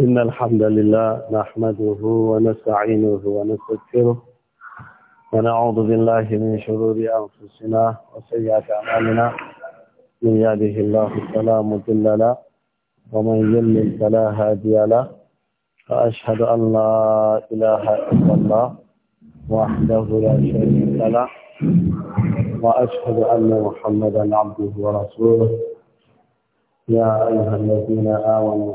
إن الحمد لله نحمده ونستعينه ونستغفره ونعوذ بالله من شرور أنفسنا وسيئات أعمالنا من يهده الله فلا مضل له ومن يضلل فلا هادي له وأشهد أن لا إله إلا الله وحده لا شريك له وأشهد أن محمدا عبده ورسوله يا أيها الذين آمنوا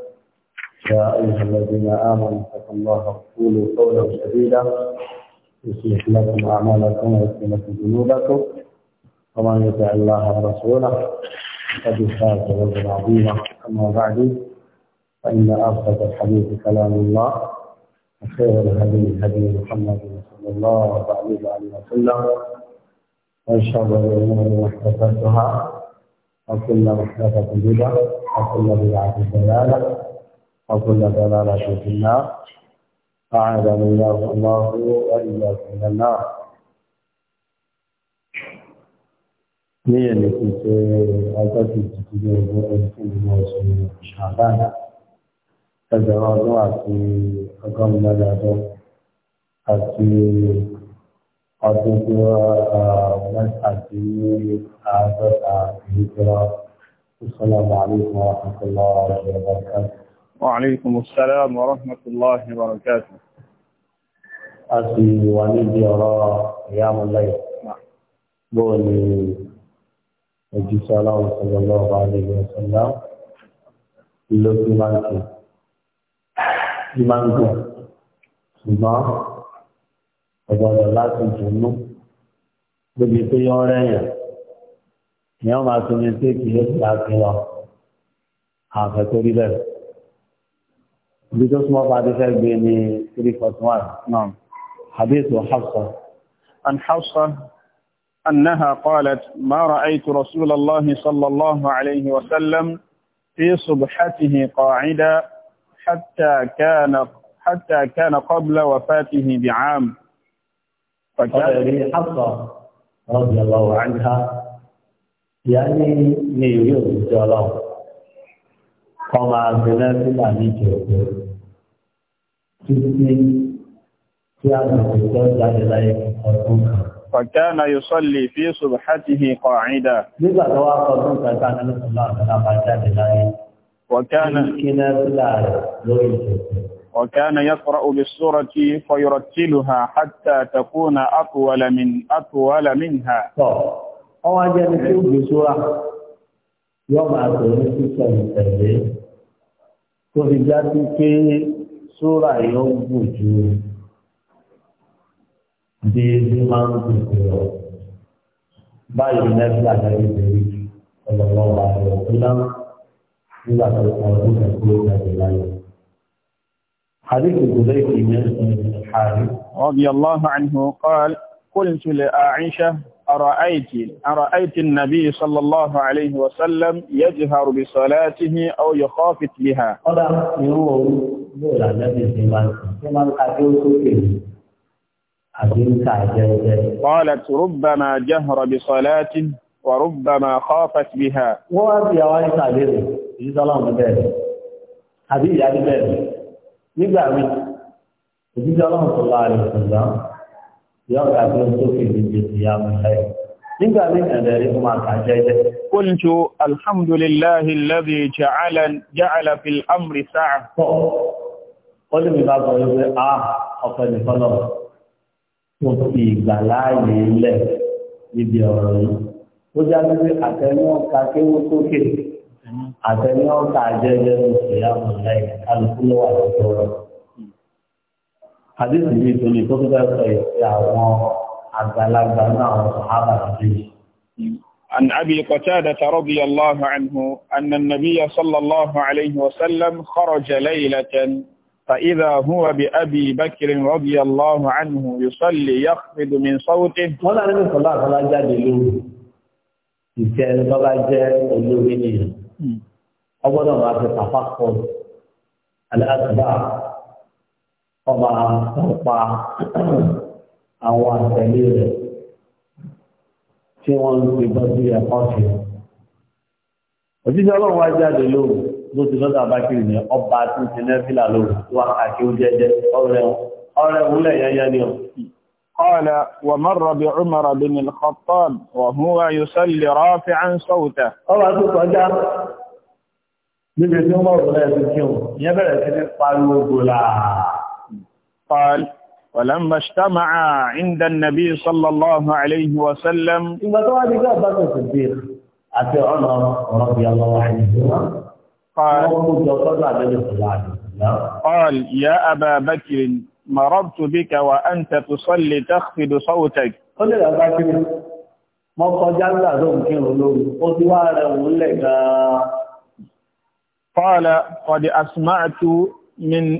يا أيها الذين آمنوا اتقوا الله وقولوا قولا سديدا يصلح لكم أعمالكم ويغفر لكم ذنوبكم ومن يطع الله ورسوله فقد فاز فوزا عظيما أما بعد فإن أصدق الحديث كلام الله وخير الهدي هدي محمد صلى الله عليه وسلم وشر الأمور محدثاتها وكل محدثة بدعة وكل بدعة ضلالة وكل ضلالة في النار أعاذنا الله الله وإياكم من النار ليا نسيت السلام عليكم ورحمة الله وبركاته وعليكم السلام ورحمة الله وبركاته أسي وليدي أرى قيام الليل بولي وجيس الله صلى الله عليه وسلم لو في إيمانك ṣùgbọ́n ọ̀gbọ́dọ̀ láti dùnú lóbi pé yọ rẹ̀yàn ni wọ́n máa tún ní sí kìí ṣe àfihàn àfẹ́ tó rí bẹ́ẹ̀. because ما بعد بين 341 نعم حديث حفصة عن حفصة أنها قالت ما رأيت رسول الله صلى الله عليه وسلم في صبحته قاعدة حتى كان حتى كان قبل وفاته بعام فكان حفصة رضي الله عنها يعني نيويورك إن شاء الله فما بنا títí tí a lọ sí tó jáde láyé ọdún kan. Fàkánà yóò sọ́lè fi ṣùgbọ́n qa'ida. Nígbà tó wá ọdún kan tá a nílùú náà jáde láyé. Wàkánà. Kí náà sílá rẹ̀ lórí ìṣẹ̀kùn. وكان يقرأ بالسورة فيرتلها حتى تكون أطول من أطول منها. أو أجل شوف بسورة يوم أطول في سنة تهدي. كل جاتي súrà yóò gùn ju bí bí máa ń gùn jù lọ báyìí nẹ́fìlà lẹ́yìn ìbéèrè ọ̀lọ́wọ́ wa lọ sí náà nígbà tó kọ ọdún kan kúrò jáde láyé. حديث جبير بن الحارث رضي الله عنه قال قلت لعائشة أرأيت النبي صلى الله عليه وسلم يجهر بصلاته أو يخافت بها قال: يقول قالت ربما جهر بصلاة وربما خافت بها وابي عليه سلام بيت yóò ká tó sókè méje sí àmì ṣáyẹ̀. nígbà mí ẹ̀dẹ̀ rí fún àkà jẹ́jẹ́. قلت الحمد لله الذي جعل جعل في الامر سعه قل mi bá sọ wípé a ọ̀pẹ nìkan náà tó fi ìgbà láàyè lẹ̀ níbi ọ̀rọ̀ yìí ó já wípé àtẹnu ọ̀ka kéwó sókè àtẹnu ọ̀ka jẹ́jẹ́ ní ìyá ọ̀la ìkálukú ló wà lọ́jọ́ hadithi yìí tó ní tóbi bẹ́ẹ̀ ìpè àwọn àgbàlagbà náà àwọn sàhábà عن أبي قتادة رضي الله عنه أن النبي صلى الله عليه وسلم خرج ليلة فإذا هو بأبي بكر رضي الله عنه يصلي يخفض من صوته ولا نبي صلى الله عليه وسلم جاد لو يسأل بابا جاد لو أولا ما تتفقد الأتباع ọba ọ̀pá àwọn àtẹ̀lé rẹ̀ tí wọ́n ń fi bọ́ sí ẹ̀kọ́ sí. Òjíṣẹ́ ọlọ́run wá jáde lóru ló ti lọ́dọ̀ Abákiri ní ọba tí ń ti nẹ́fìlà lóru tó wá kàkí ó jẹ́jẹ́ ọ̀rẹ́ ọ̀rẹ́ òwúlẹ̀ yẹnyẹn ni ọ̀. قال ومر بعمر بن الخطاب وهو يصلي رافعا صوته. ọba tó kọjá níbi tí wọ́n mọ̀ wọlé ẹ̀sìn kí wọn ìyẹn bẹ̀rẹ̀ sí قال ولما اجتمع عند النبي صلى الله عليه وسلم قال يا أبا بكر مررت بك وأنت تصلي تخفض صوتك قل يا بكر ما قجلت ذنك الولوم قدوار أولك قال قد أسمعت من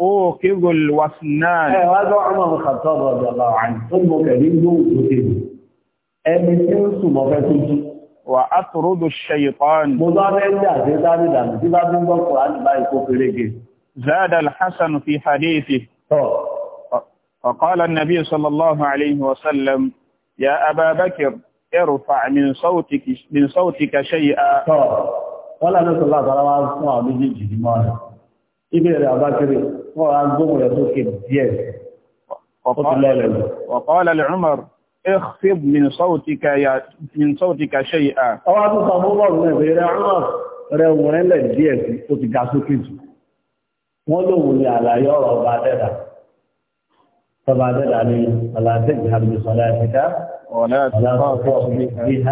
أوكب الوسنان هذا عمر الخطاب رضي الله عنه ثم كريم وكتب أمسين سمبتك وأطرد الشيطان زاد الحسن في حديثه فقال النبي صلى الله عليه وسلم يا أبا بكر ارفع من صوتك من صوتك شيئا قال النبي صلى الله عليه وسلم ibi rẹ̀ àbákiri wọ́n á gbóhùn rẹ̀ sókè díẹ̀ وقال لعمر اخفض من صوتك يا من صوتك شيئا ọwá tó sọ fún wọ́n rẹ̀ bèèrè Umar rẹ̀ wọ́n rẹ̀ lẹ̀ díẹ̀ sí àlàyé ọ̀rọ̀ ọba adẹ́dà ọba adẹ́dà ni ọ̀làdẹ́gbẹ̀ àbìsọ̀lá ẹ̀fẹ́ká ọ̀lá tó bá ń fi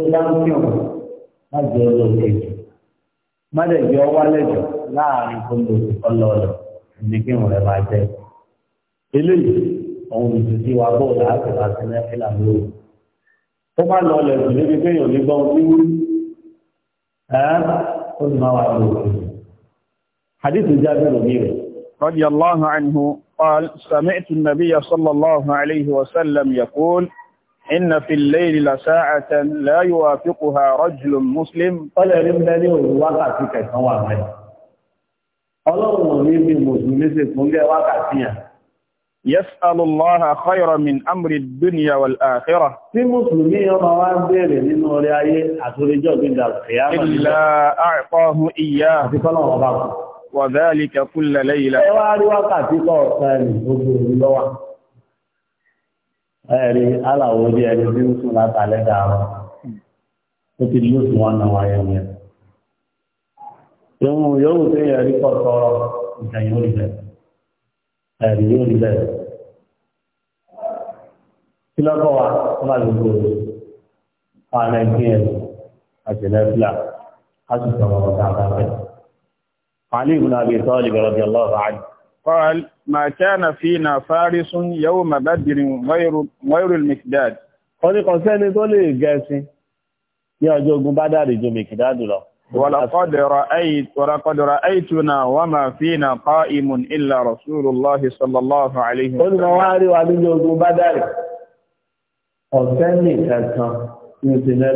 ọ̀pọ̀ má jẹ́ olókejì má dẹ̀ jẹ́ ọwọ́ alẹ́jọ́ láàrin tó ń lo ọlọ́ọ̀lọ́ ní kí wọn rẹ̀ máa jẹ́ eléyìí òun ní ti wá bọ́ láti wá sí mẹ́fìlà lóru ó má lọ ọlẹ̀ jù níbi pé èèyàn ní gbọ́n wíwú ẹ́ ó sì máa wà lóru hadith jáde lómi rẹ̀. رضي الله عنه قال سمعت النبي صلى الله عليه وسلم يقول إن في الليل لساعة لا يوافقها رجل مسلم قال لمن لي وقع فيك سواء Ọlọ́run ní bí Mùsùlùmí ṣe fún gẹ́ wákàtí yàn. Yẹ́sàlù lọ́ha kọ́ìrọ̀ min amri dúnìyà wà l'áàkírọ̀. Tí Mùsùlùmí ọmọ wá bèèrè nínú orí ayé àtúrẹjọ́ gbígbà fìyàmà. Ìlà àìkọ́hún ìyá. Àti kọ́lọ̀wọ̀ ẹ̀rí aláwọ̀ orí ẹni tí ń sùn látàlẹ́ dàrọ̀ ó ti lóṣù wọn náà wáyé yẹn ìwọ̀n yóò tó yẹ rí kọ̀tọ̀ yóò rí ẹ̀rí yóò kí lọ́kọ̀ wa máa àtẹ̀lẹ́ fúlà á sì sọ̀rọ̀ ọ̀gá ما كان فينا فارس يوم بدر غير غير المكداد ó ní kan sẹ́ni tó lè gẹ̀ẹ́sìn ní ọjọ́ ogun bá dàrí ju mìkìdádù lọ ولقد رأيت ولقد رأيتنا وما فينا قائم إلا رسول الله صلى الله عليه وسلم ó ní kan wá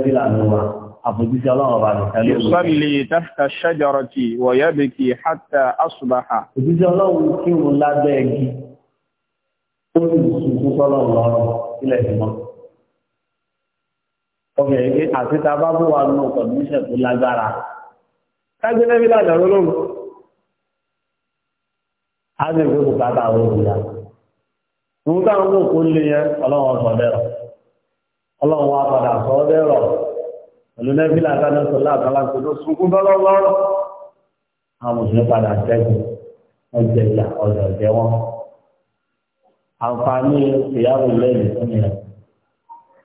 rí wa àfojúsí ọlọ́run ọba nìkan ló wù. yusalli tahta shajarati wa yabki hatta asbaha. òjúsí ọlọ́run kí wọn lábẹ́ igi ó sì sunkún sọ́lọ́run lọ́rùn sílẹ̀ sí mọ́. ọkọ̀ èké àti tá a bá bó wa nù tó lágbára. lẹ́bí a ní ìwé bùkátà àwọn òkú pẹ̀lú nẹ́fílà àtàlẹ́ sọ̀lá àtàlá tó ló sunkún lọ́lọ́lọ́rọ́ àwọn mùsùlùmí padà sẹ́gun ọjọ́ ìyá ọjọ́ ìjẹ́ wọn. àǹfààní ìyàwó lẹ́yìn fún yẹn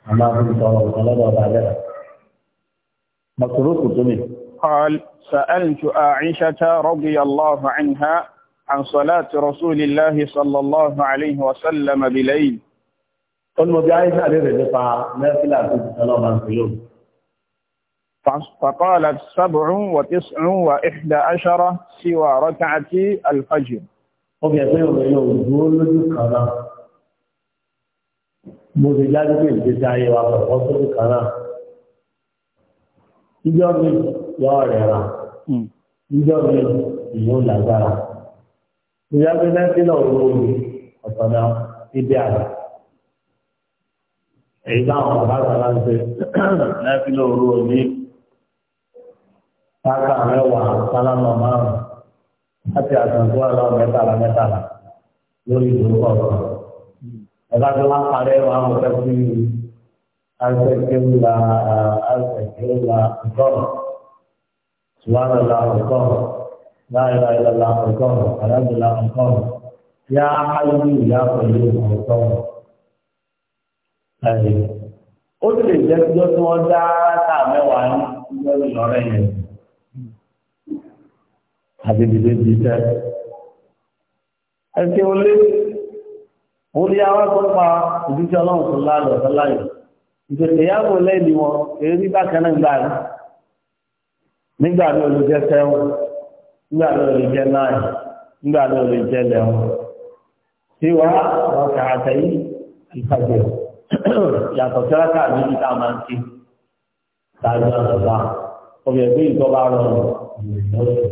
a máa fi sọ̀rọ̀ ọ̀sán lọ́dọ̀ ọba rẹ̀. mọ̀tòrókù tó mi. قال سألت عائشة رضي الله عنها عن صلاة رسول الله صلى الله عليه وسلم بليل. قل مبيعي سألت رجفا نافلة في السلام عليكم فقالت سبع وتسع وإحدى عشرة سوى ركعة الفجر ọbẹ̀ pé obìnrin òdúró lójú kan mo ti jáde pé ìgbésí ayé wa pẹ̀lú lójú kan náà mi yọ ọ̀rẹ́ ra hmm. ìjọ mi ìyóò lágbára ìjọ mi lẹ́sìn náà ló wọlé ọ̀tọ̀ náà ibi àná èyí táwọn bàbá kan ń ṣe lẹ́sìn náà ló wọlé káàkà mẹ́wàá sálámà márùn láti àtàkùn àlọ́ mẹ́tàlá mẹ́tàlá lórí ìlú kọ̀ọ̀kan. ẹ̀ka tó wá parẹ́ wọn àwọn ọ̀fẹ́ sí alfẹ̀kẹ́wùlà alfẹ̀kẹ́wùlà ọ̀gọ́rọ̀ sùwárọ̀là ọ̀gọ́rọ̀ láìra ìlọ̀là ọ̀gọ́rọ̀ àdájọ́là ọ̀gọ́rọ̀ yá ayé ìyá pẹ̀lú ọ̀gọ́rọ̀. ó lè jẹ́ kí ó tún ọ́ dá káà mẹ́wàá ń lọ́rẹ́ yẹn àbíbíbí bí tẹ́. Ẹ̀sìn olé, ó ní àwọn tó pa ìdíjọ́ ọlọ́run tó láàrọ̀ ọ̀tọ́ láyọ̀. Ìgbèsè ìyàwó lẹ́ni wọn, èrí bákan náà gbà rí. Nígbà ní olùjẹ́ sẹ́wọ̀n, nígbà ní olùjẹ́ náà, nígbà ní olùjẹ́ lẹ́wọ̀n. Tí wá wọn kà àtẹ̀yí ìfàjẹ́ yàtọ̀ sẹ́ráka méjì tá a máa ń ké. Tàbí àtọ̀gbà, ọ̀bẹ̀ ẹgbẹ́ ìjọba rọrùn ìrìnlọ́sùn.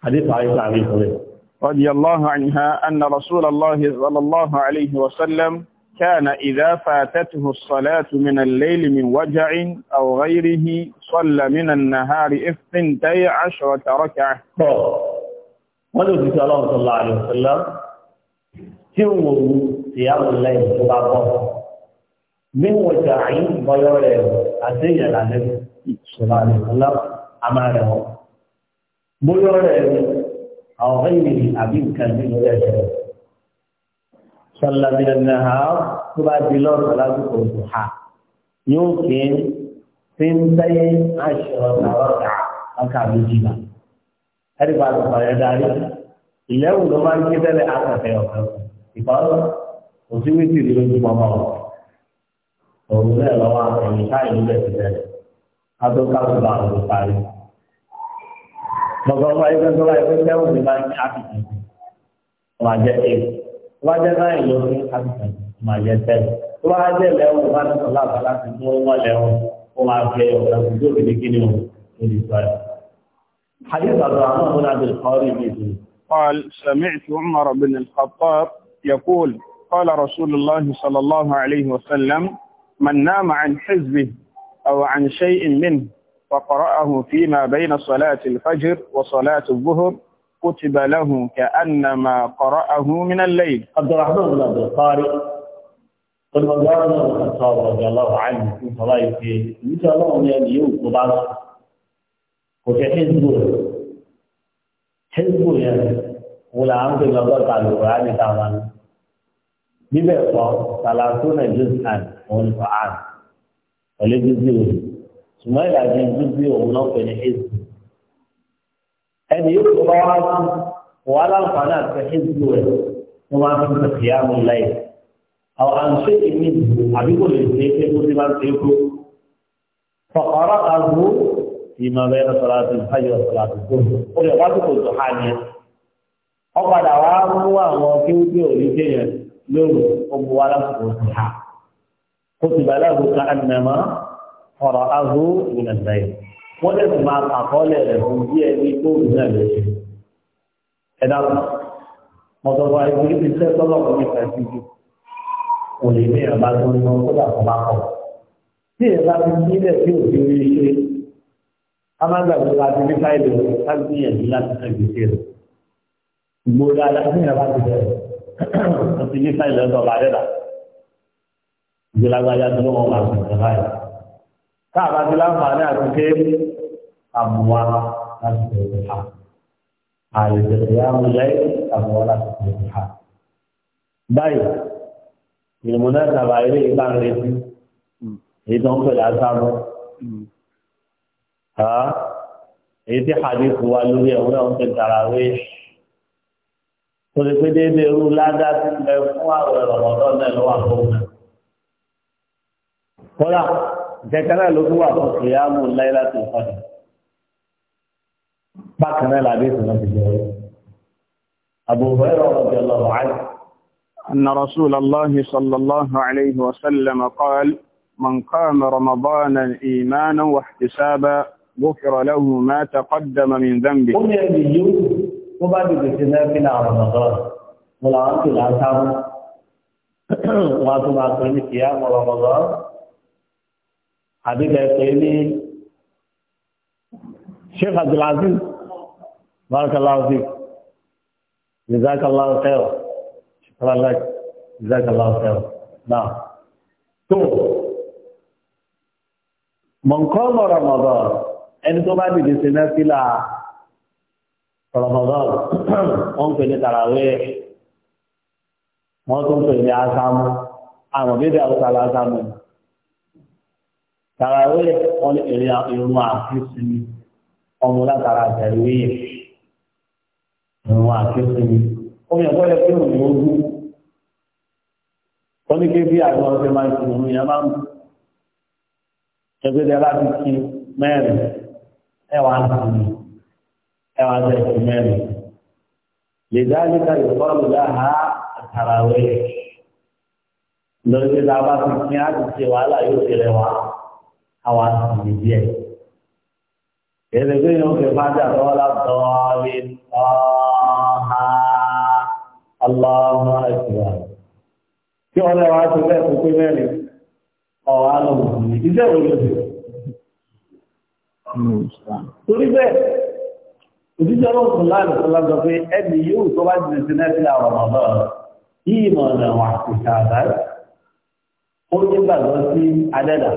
حديث عائشة عليه الصلاة رضي الله عنها أن رسول الله صلى الله عليه وسلم كان إذا فاتته الصلاة من الليل من وجع أو غيره صلى من النهار اثنتي عشرة ركعة ولو صلى الله عليه وسلم تيوم صيام الليل تبعبه من وجع ضياره أتي عليه صلى الله عليه وسلم أمانه bóyá ọ̀rẹ́ rẹ̀ àwọn ẹ̀yìn àbí nǹkan ní ìlú ẹ̀ṣẹ̀ rẹ̀. sọlábìlẹ náà tó bá di lọ́rùn lásìkò oṣù ha yóò kí n fi ń tẹ́yẹ aṣọ àrọ́kà ọkà méjì náà. ẹ̀rí bá lọ sọ̀rọ̀ ẹ̀ darí ìlẹ́wù ló máa ń ké tẹ́lẹ̀ àtàtẹ̀ ọ̀kan ìfọ́nrán òsì wíìtì ìlú ojú mọ́mọ́ òun náà lọ́wọ́ àtẹ̀yìn káyọ̀ lẹ́sẹ̀ tẹ́lẹ̀ adókàtúbà ló parí mọ̀gbọ́n wá ẹgbẹ́ tó wáyé pé sẹ́wọ̀n ní báyìí áfíìsì wọn àjẹ eight tó bá jẹ́ náà ìlú ní áfíìsì wọn àjẹ ten tó bá jẹ́ lẹ́wọ̀n bá ní sọ̀lá àbálá ti mú wọn lẹ́wọ̀n ó máa fi ọ̀gá tó tó kéde kí ni o lórí ìgbà yẹn. حديث عبد الرحمن بن عبد القاري قال سمعت عمر بن الخطاب يقول قال رسول الله صلى الله عليه وسلم من نام عن حزبه أو عن شيء منه وقرأه فيما بين صلاة الفجر وصلاة الظهر كتب له كأنما قرأه من الليل عبد الرحمن بن عبد القارئ قد وزارنا الخطاب رضي الله عنه في صلاة فيه مثل الله من اليوم قبعة وفي حزبه حزبه يعني ولا عمد الله تعالى القرآن تعالى بما ثلاثون جزءا من ولجزء ṣùgbọ́n ìlàjì dúdú òun náà pè ní hezbo ẹni yóò tó bá wá sí wọ́n aláǹfààní àti hezbo rẹ̀ wọ́n máa fi ṣe kìyàmù láì àwọn àǹṣe ìmí àbí kò lè ṣe é pé kó ti máa ń ṣe é kó fọkàrà àgbo ìmọ̀ bẹ́ẹ̀ sọ̀rọ̀ àti ìfàyọ̀ sọ̀rọ̀ kó o lè wá sí tó hàn yẹn ọ̀padà wa mú àwọn kéwúké òyìnbó yẹn lóru ó bu wa lásìkò sí ti bàlá àgbo ká ọ̀rọ̀ ahó ìrìnàjò yìí wọ́n lè fi máa kàkọ́lẹ̀ rẹ̀ fún bí ẹni tó rù náà lè ṣe ẹ̀dá mọ̀tọ́fà ìgbìlì ti tẹ́ tọ́lọ́pù nípa ẹ̀sìn jù kò lè ní ìrànlá tó ń lọ tó dà fún máa kọ̀ tí ìrànlá ti nílẹ̀ tí ò fi rí ṣe a máa gbàgbé láti bẹ̀rẹ̀ ó ní fáìlì rẹ̀ dọ̀bà rẹ̀ dà ìgbélágbájá tó lọ́wọ́ máa sọ̀rọ̀ báyìí táàbá ti láǹfààní àtúnké àmúwá láti tẹ̀lé ha àlùtẹ̀lẹ̀ àmúlẹ̀ àmúwá láti tẹ̀lé ha. báyìí ìlúmọ̀nà sábà ilé ìgbà ń retí èyí tó ń pè lásánú. èyí tí hadith wa lórí ẹ̀wọ̀n náà ń pè tarawih torí pé déédéé irú ládá ti lẹ fún àwọn ẹ̀rọ ọ̀dọ́ náà lọ́wọ́ àbọ̀ náà. kọ́lá jẹ́kẹ́rẹ́ ló tún wà fún ìyáàmù láìlá tó fọ́dà bákan náà làbí ìsìn náà ti أن رسول الله صلى الله عليه وسلم قال من قام رمضانا إيمانا واحتسابا غفر له ما تقدم من ذنبه قم يا بيجيو قم يا بيجيو قم يا بيجيو رمضان ولا أنت لا تعمل واتو ما تعمل كيام رمضان àbíkẹ́ pé ní sheikh abdulaziz barakallahu fi jazakallahu khair shukran lak jazakallahu khair náà tó mọ̀nkọ́mọ̀ ramadan ẹni tó bá dìde sí náà sílà ramadan wọ́n pè ní tarawih wọ́n tún pè ní asámú àwọn bíbí àwùsá lásámú ni tàràwé wọn èrè irun àfihàn ni ọmọ látara àtẹ̀wé yẹn irun àfihàn ni omi ẹ̀kọ́ yẹ kí òun yóò wú wọ́n ní kí bí àwọn ọ̀sẹ̀ máa ń fi òun yẹn máa ń ẹgbẹ́ dẹ́ láti kí mẹ́rin ẹwà àtìmí ẹwà àtẹ̀kí mẹ́rin lè dá níta ìfọ́nù láha tàràwé lórí pé tá bá ti kí á ti wàhálà yóò ṣe rẹwà àwa sì díẹ̀. Ìrìnkú yóò fi fájà lọ́wọ́ látọ̀ lè tọ́ ha aláwọ̀ ẹ̀sìnwá. Kí wọ́n lẹ́wọ́ á ti bẹ́ẹ̀ fún pé mẹ́rin ọ̀rọ̀ á lọ mọ̀ ní iṣẹ́ wo ló ṣe. Torí bẹ́ẹ̀, òjíṣẹ́ ló ń sùn láàrin tó lọ́jọ́ pé ẹni yóò tó bá jìnnà sí náà sí àwọn ọmọ náà. Yíyí mọ̀ ọ̀nà àwọn àti ṣàdáyé. Ó ní gbàgbọ́ sí Adẹ́dàá.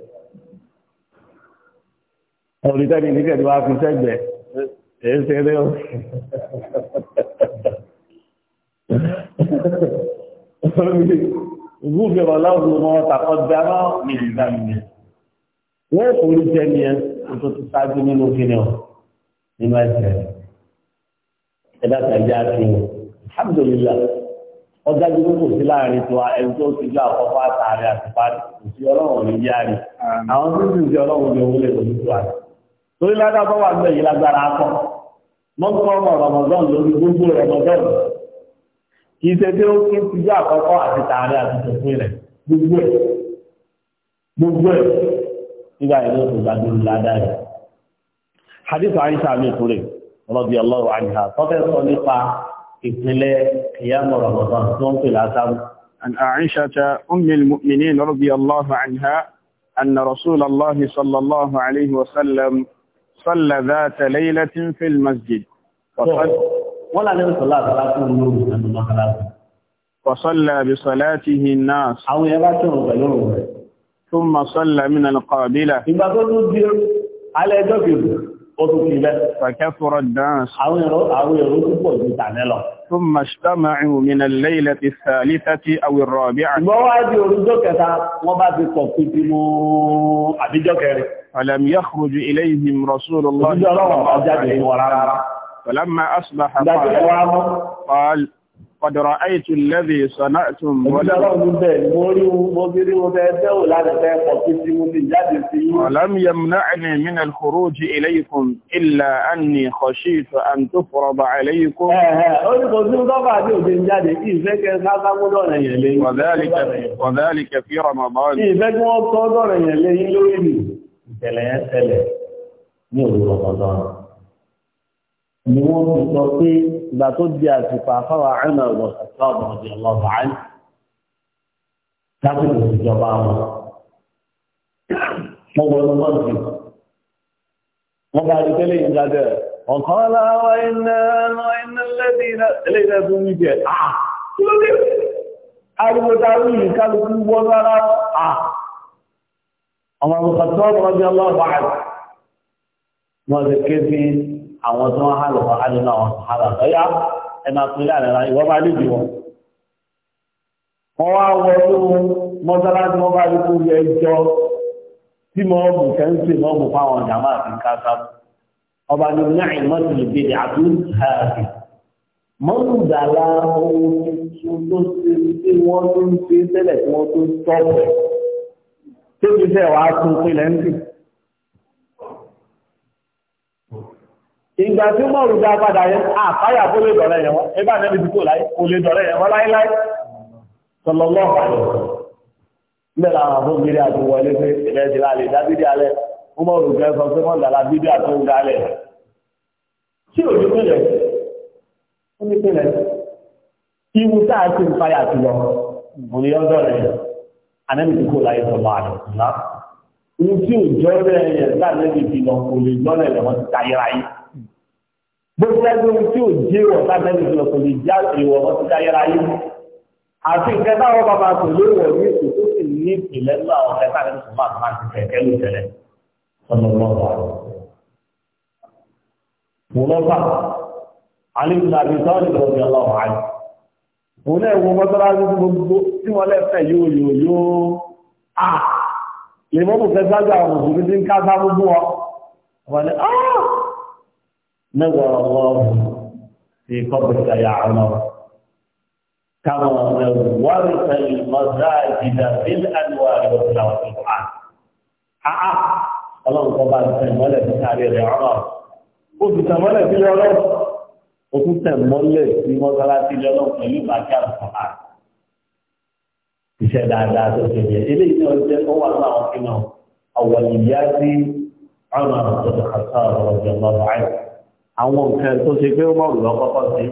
ni ọ̀rítẹ́ni nígbẹ̀ tí wá fi sẹ́gbẹ̀ èé ṣe rí ó gúgbẹ̀ ọlọ́run mọ́ tàkọ́dáná ní ìdáminẹ̀ wọ́n kòrí jẹ́ ní ẹ tó ti sáájú nínú kíni ọ̀ nínú ẹ̀sẹ̀ ẹ̀dá tàjá kí ni alhamdulillah ọjà gbogbo kò sí láàrin tiwa ẹni tó ti gbà àkọ́kọ́ àtàrí àti pàdé kò sí ọlọ́run ní yára àwọn tó sì ń jẹ ọlọ́run ní owó lè lòdì tó àti torí ládàá bá wà ní èyí lágbára akọ mọ́tò ọmọ rọmọdọ́n lórí gbogbo rọmọdọ́n kì í ṣe pé ó kí ti jẹ́ àkọ́kọ́ àti tààrí àti tòfin rẹ̀ gbogbo ẹ̀ gbogbo ẹ̀ nígbà yìí ló tún gbàgbé ládàá rẹ̀. hadith aisha mi kúrè rọ́bì àyíká tọ́fẹ́ sọ nípa ìpínlẹ̀ ìyàmọ̀ rọmọdọ́n tó ń pè lásán. عن عائشة أم المؤمنين رضي الله عنها أن رسول الله صلى الله عليه وسلم صلى ذات ليلة في المسجد وصلى ولا نبي صلى صلاة النور بصلاته الناس ثم صلى من القابلة على جبل فكفر الناس ثم اجتمعوا من الليلة الثالثة أو الرابعة فلم يخرج إليهم رسول الله صلى الله عليه وسلم فلما أصبح قال قال قد رأيت الذي صنعتم ولم يمنعني من الخروج إليكم إلا أني خشيت أن تفرض عليكم وذلك, وذلك في رمضان ìṣẹ̀lẹ̀ yẹn ṣẹlẹ̀ ní òru Ramadan ni wọ́n fi sọ pé ìgbà tó di àsìkò àfáwà ẹ̀nà ìwọ̀sàtọ̀ ọ̀dọ̀dì ọlọ́ọ̀bà á lásìkò ìjọba wọn wọ́n wọ́n lọ́wọ́ sí wọ́n bá rí tẹ́lẹ̀ ìjáde ọ̀kan láwọn iná iná lẹ́dí ẹlẹ́dẹ́ tó ní jẹ́ àà kí ló dé ariwo ta rí ìkálukú wọ́n rárá àà ah! ọmọ ọgbọ̀kọ̀tọ́ ọ̀rọ̀dí ọlọ́ọ̀bọ̀ àrùn wọ́n ti ké sí àwọn tó ń hàlù wọn hàlù náà wọn hàlù àtọ́yá ẹnu àtúnlẹ̀ àrẹ̀rẹ̀ ìwọ́n bá lè dì wọ́n. wọ́n wá wọ tó mọ́sálásí wọ́n bá rí kó yẹ ẹjọ́ tí mo mú kẹ́ńtì mo mú fáwọn ìjàmbá àti káká ọba ní náà ìmọ̀tì ìbéèrè àdúrà mọ́tòdàlá ohun tó ṣe wọ́n tó ń ṣe tẹ́lẹ̀ tí wọ́n tó ń tọ́pẹ̀ tóbi fẹ́ wàá tún pinlẹ̀ ń bì. ìgbà tí mọ̀rù dá padà yẹn àfáyà kó lè dọ̀rẹ́ yẹn wọ́n ẹ bá nẹ́bi dúkò láyé kó lè dọ̀rẹ́ yẹn wọ́n láéláé sọlọ́lọ́ ilé làwọn afọ́gbére àti wọlé pé ìrẹ́ ti láàlè dábídé alẹ́ wọ́n mọ̀rù fẹ́ sọ pé wọ́n dàlá bídé àtọ́ ń dálẹ̀ tí òbí pinlẹ̀ ó ní pinlẹ̀ ìwú tá a ti lọ òní ọ̀dọ́ rẹ̀ anẹ́bí ti kó láyé sọ̀rọ̀ àdọ̀túnlá ohun tí ò jọ rẹ̀ yẹ sáàlẹ́bí ti lọ kò lè lọ́rẹ̀ lọ́wọ́ ti táyé ráyé gbogbo ẹgbẹ́ ohun tí ò jẹ́ wọ̀ sáàlẹ́bí ti lọ kò lè já ìwọ̀ lọ́wọ́ ti táyé ráyé àti nǹkan táwọn bàbá kò lè wọ̀ ní ètò tó sì ní ìpìlẹ̀ ńlá ọ̀rẹ́ sáàlẹ́bí tó máa máa ti tẹ̀ kẹ́lù tẹ̀lẹ̀ sọ́nà ọlọ́run òun náà wọ mọ́sálásí tí gbogbo tí wọ́n lẹ́fẹ̀ yóò yóò yóò à lè mọ́mù fẹ́ sáájú àwọn òṣèlú tí ń ká sá gbogbo ọ wọ́n ni áà mẹ́wàá ọlọ́run ti kọ́bùrù kàyà àmọ́ كما ورث المساجد بالانوار وتلاوه القران. آه الله طبعا في الملك تعالى يا عمر. قلت ملك يا رب òkú tẹ̀mọ́lẹ̀ sí mọ́sálásí lọ́nà pẹ̀lú bàjẹ́ àlùfáà iṣẹ́ dáadáa tó ṣe yẹ eléyìí náà jẹ́ ó wà ní àwọn kìnnà àwọ̀lìyá sí ọ̀nà àtọ̀tọ̀ àtọ̀ ọ̀rọ̀ ìjọba báyìí àwọn nǹkan tó ṣe pé ó mọ̀ lọ́ kọ́kọ́ sí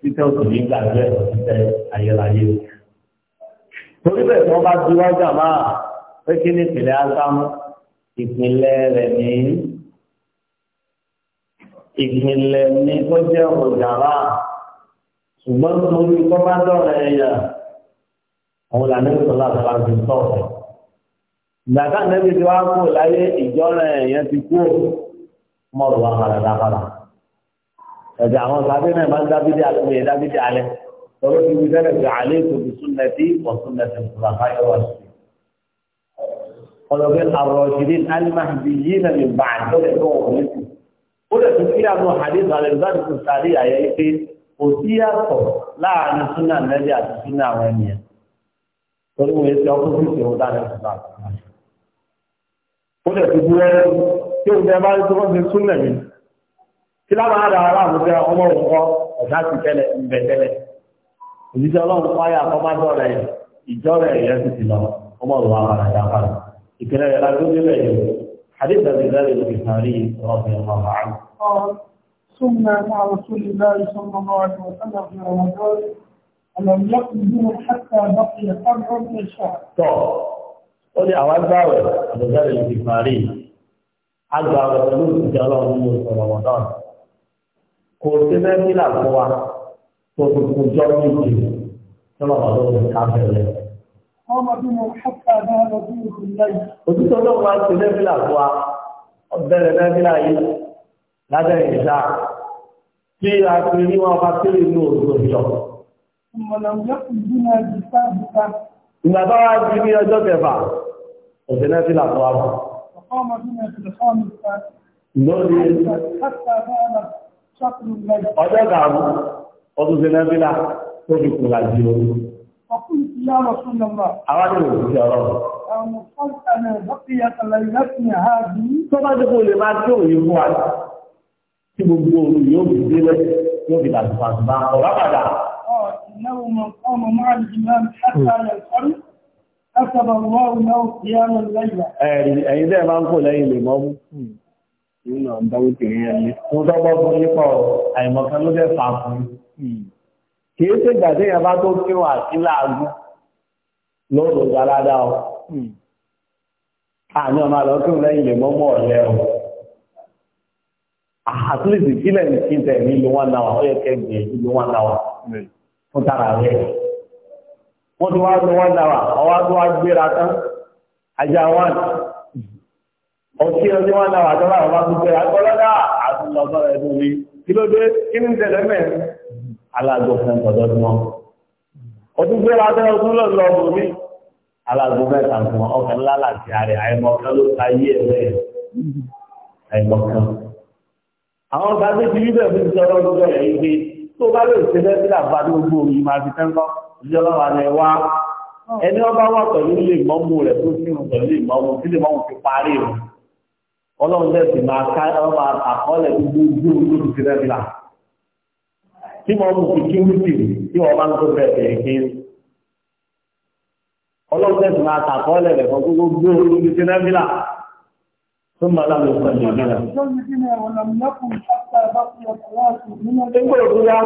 títẹ́ òsì ní gbàgbé ẹ̀rọ títẹ́ ayérayé torí bẹ́ẹ̀ tí wọ́n bá ti wájà máa pé kí ní ìpìlẹ̀ ásámú ìpìlẹ̀ rẹ̀ ní ìpìlẹ̀ ní tó jẹ́ ọ̀jàrá ṣùgbọ́n torí kọ́ bá dọ̀rọ̀ ẹ̀yà òun là ní ìsọ̀lá àtàlà ti tọ̀. Ìgbàgbà nẹ́bí tí wàá kú láyé ìjọ́rọ̀ ẹ̀yẹ ti kú mọ̀rọ̀ wà padà dápadà. Ẹ̀jẹ̀ àwọn sábẹ́ náà máa ń dábídé àtúnyẹ dábídé alẹ́. Tọ́lọ́ ti wí sẹ́lẹ̀ fi àlẹ́ tó fi súnmẹ́tì wọ̀ súnmẹ́tì ìfúnra fáyọ̀ wá sí. Ọlọ́gbẹ́ àrọ̀ ìṣèlú Alimahdi yìí náà lè bá àjọ ó lè tún kíyà mọ́ hadith alẹ́gbàdì tó sáré àyẹ́ pé kò sí yàtọ̀ láàrin súnà nẹ́bí àti súnà àwọn ènìyàn torí wọn sí ìṣòro ó lè tún bá rí tó wọ́n ti súnà mi kí lábàá ara ara àmúgbẹ ọmọ ọ̀dà ti tẹ́lẹ̀ tẹ́lẹ̀ òjíṣẹ́ ọlọ́run fáyà kọ́mádọ́ ìjọ ìrẹsì ti lọ ọmọ àwọn حديث أبي ذر الغفاري رضي الله عنه قال صمنا مع رسول الله صلى الله عليه وسلم في رمضان ألم يقم بهم حتى بقي قرع من الشهر. طيب ولي أول دعوة أبي ذر الغفاري àgbà ọ̀rọ̀ ìjà ọlọ́run ní oṣù rọ̀mọ̀dán قلت sí mẹ́rìnlá fún wa tó fi kú jọ́ méje tí wọ́n bá Òtítọ́ ló máa ń ṣe lẹ́fílà fún wa, ọ̀bẹ̀rẹ̀ lẹ́fílà yìí lábẹ́ ìṣá tí a ti rí wọn bá kéré ní òjò ìjọ. Ìgbà bá wá di ní ọjọ́ kẹfà, òṣè lẹ́fílà fún wa. Lórí ọjọ́ kàrún, ọdún ṣe lẹ́fílà tó fi kùlà jí orí. فقلت يا رسول الله أرادوا يا رب أنا بقيت ليلتنا هذه ثم تقول لما تقول يقول tí gbogbo òru yóò fi délẹ̀ yóò fi dàgbà fàṣùbà ọ̀rọ̀ padà. ìnáwó mọ̀ ọmọ máa di máa ń ṣàtàlẹ̀ sọ́rí látàbà wọ́n náà fi àmì lẹ́yìn. ẹ̀yin dẹ́ máa ń kó lẹ́yìn lè mọ́mú. yóò náà ń dáwó tèrè ẹni. mo dọ́gbọ́ fún yípa àìmọ̀kan ló dẹ̀ fà kìí ṣe ìgbà tí èèyàn bá tó kíwà sí láàgùn lọ́dọ̀ gbalada o hmm. àní ọmọ àlọ́kùn lẹ́yìn lè mọ́mọ́ ọ̀lẹ́ o àtúlìsì kílẹ̀ ní kí n tẹ̀ ní ìlú wọn náà ó yẹ kẹ́ hmm. mi alágbó fún ọ̀dọ́ tí wọ́n. ọdún gbé wa bẹ́ẹ̀ ọdún lọ lọ bò mí alágbó mẹ́ta fún wọn ọkàn ńlá láti àárẹ̀ àìmọ̀kan ló ta yé ẹ̀ bẹ́ẹ̀ àìmọ̀kan. àwọn ọba tó ti rí bẹ́ẹ̀ fún ìjọba ọdún rẹ̀ yìí pé tó bá lè ṣe bẹ́ẹ̀ sílà bá gbogbo òyìn máa fi tẹ́ńkọ́ ìjọba wa ni wá ẹni ọba wà pẹ̀lú ilé ìmọ̀mù rẹ̀ tó sí ìrùn pẹ̀lú ìmọ̀mù tí lè mọ̀mù fi parí ìrùn ọlọ́run dẹ̀ máa ká ọba àkọọ́lẹ̀ gbogbo ojú ojú ti rẹ́ tí wọ́n mú kìkì ń tì tí wọ́n bá ń tó bẹ̀ bẹ̀rẹ̀ kí ń. ọlọ́run tẹ̀sí máa tàkọ́lẹ̀ rẹ̀ fún gbogbo gbó olórí tí náà bílà tó máa lábẹ́ fún ẹ̀jẹ̀ náà. nígbà tó yá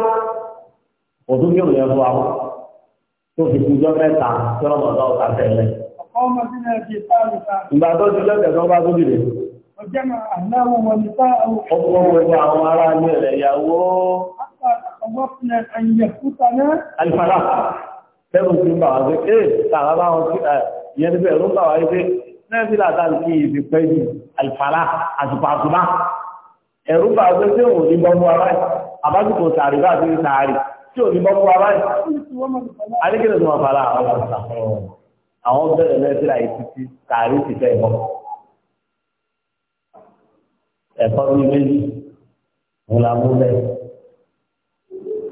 òtún yóò yẹ fún wa tó fi kú jọ mẹ́ta tí wọ́n mọ̀ lọ́wọ́ ta tẹ̀lé. ìgbà tó ti lọ́tẹ̀ tó bá tó dìde. ọjọ́ àwọn ará ilé rẹ̀ yàwó àkọgbọ́pìnà àyẹ̀kútaná. Àìfàlá, tẹ́rù ti ń bà wá pé, "Ee, tààrà bá wọn sí ìyẹn níbẹ̀ ló ń bà wá pé, náà sí làtà sí ìfi pẹ́ jù, àìfàlá, àtùpàtùmá. Ẹ̀rú bà wá pé òun ní bọ́ fún aráì, àbájúkò sàárì bá ti ń sàárì, tí òun ní bọ́ fún aráì. Adékèlè tó máa fara àwọn ọ̀sán. Àwọn bẹ̀rẹ̀ náà sí láì méjì, òun làmú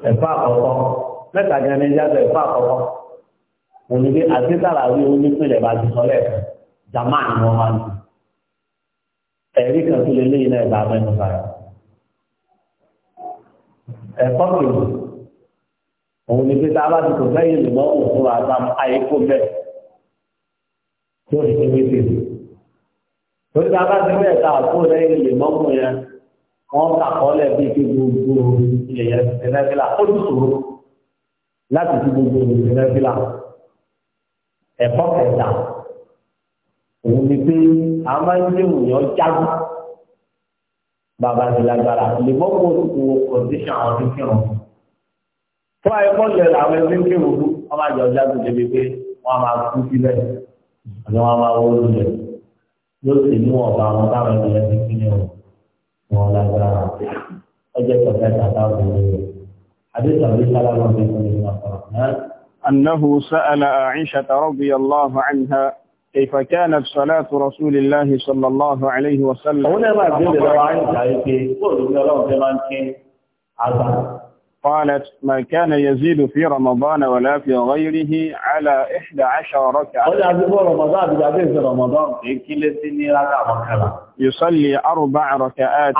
ẹ̀fọ́ àkọ́kọ́ mẹ́ta gan ni yàtọ̀ ẹ̀fọ́ àkọ́kọ́ òun ni pé àti tàràwí onípìlẹ̀ bá ti sọ lẹ́ẹ̀kan jàmáà ni wọ́n máa ń dùn ẹ̀rí kan tó lè léyìn náà ìbá mẹ́nu báyìí. ẹ̀kọ́ kejì òun ni pé tá a bá ti kò sẹ́yìn lè mọ́ òfin wa ta àyíkó bẹ́ẹ̀ tó lè ṣe wípé. torí tá a ti bẹ́ẹ̀ ta àkó lẹ́yìn lè mọ́ mú yẹn wọ́n kàkọ́lẹ̀ bíi kí gbogbo ilẹ̀ yẹn tẹ̀lẹ́fìlà ó láti fi gbogbo ilẹ̀ tẹ̀lẹ́fìlà ẹ̀kọ́ òun ni pé a máa ń gbé òyìn jágbe bàbá ti lágbára lè bọ́ kó o kọ̀díṣàn àwọn tó kírun fún àyẹ̀kọ́ lẹ̀ làwọn ẹbí ń kírun wọ́n máa jọ jágbe débi pé wọ́n máa kú sílẹ̀ àti wọ́n máa wọ́n lulẹ̀ yóò sì mú ọ̀gá àwọn táwọn ẹbí ti kí ni wọn lágbára ọjọ́ ìtọ́jú àtàwọn ènìyàn àdéhùn àbí sálámà bí wọn ní ọ̀pọ̀lọpọ̀ náà. أنه سأل عائشة رضي الله عنها كيف كانت صلاة رسول الله صلى الله عليه وسلم. هنا ما عبد الله عائشة يقول قولوا يا رب قالت ما كان يزيد في رمضان ولا في غيره على 11 ركعة إيه، يصلي أربع ركعات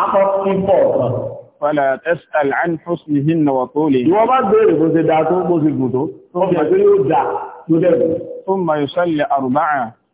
فلا تسأل عن حسنهن وطولهن ثم يصلي أربعة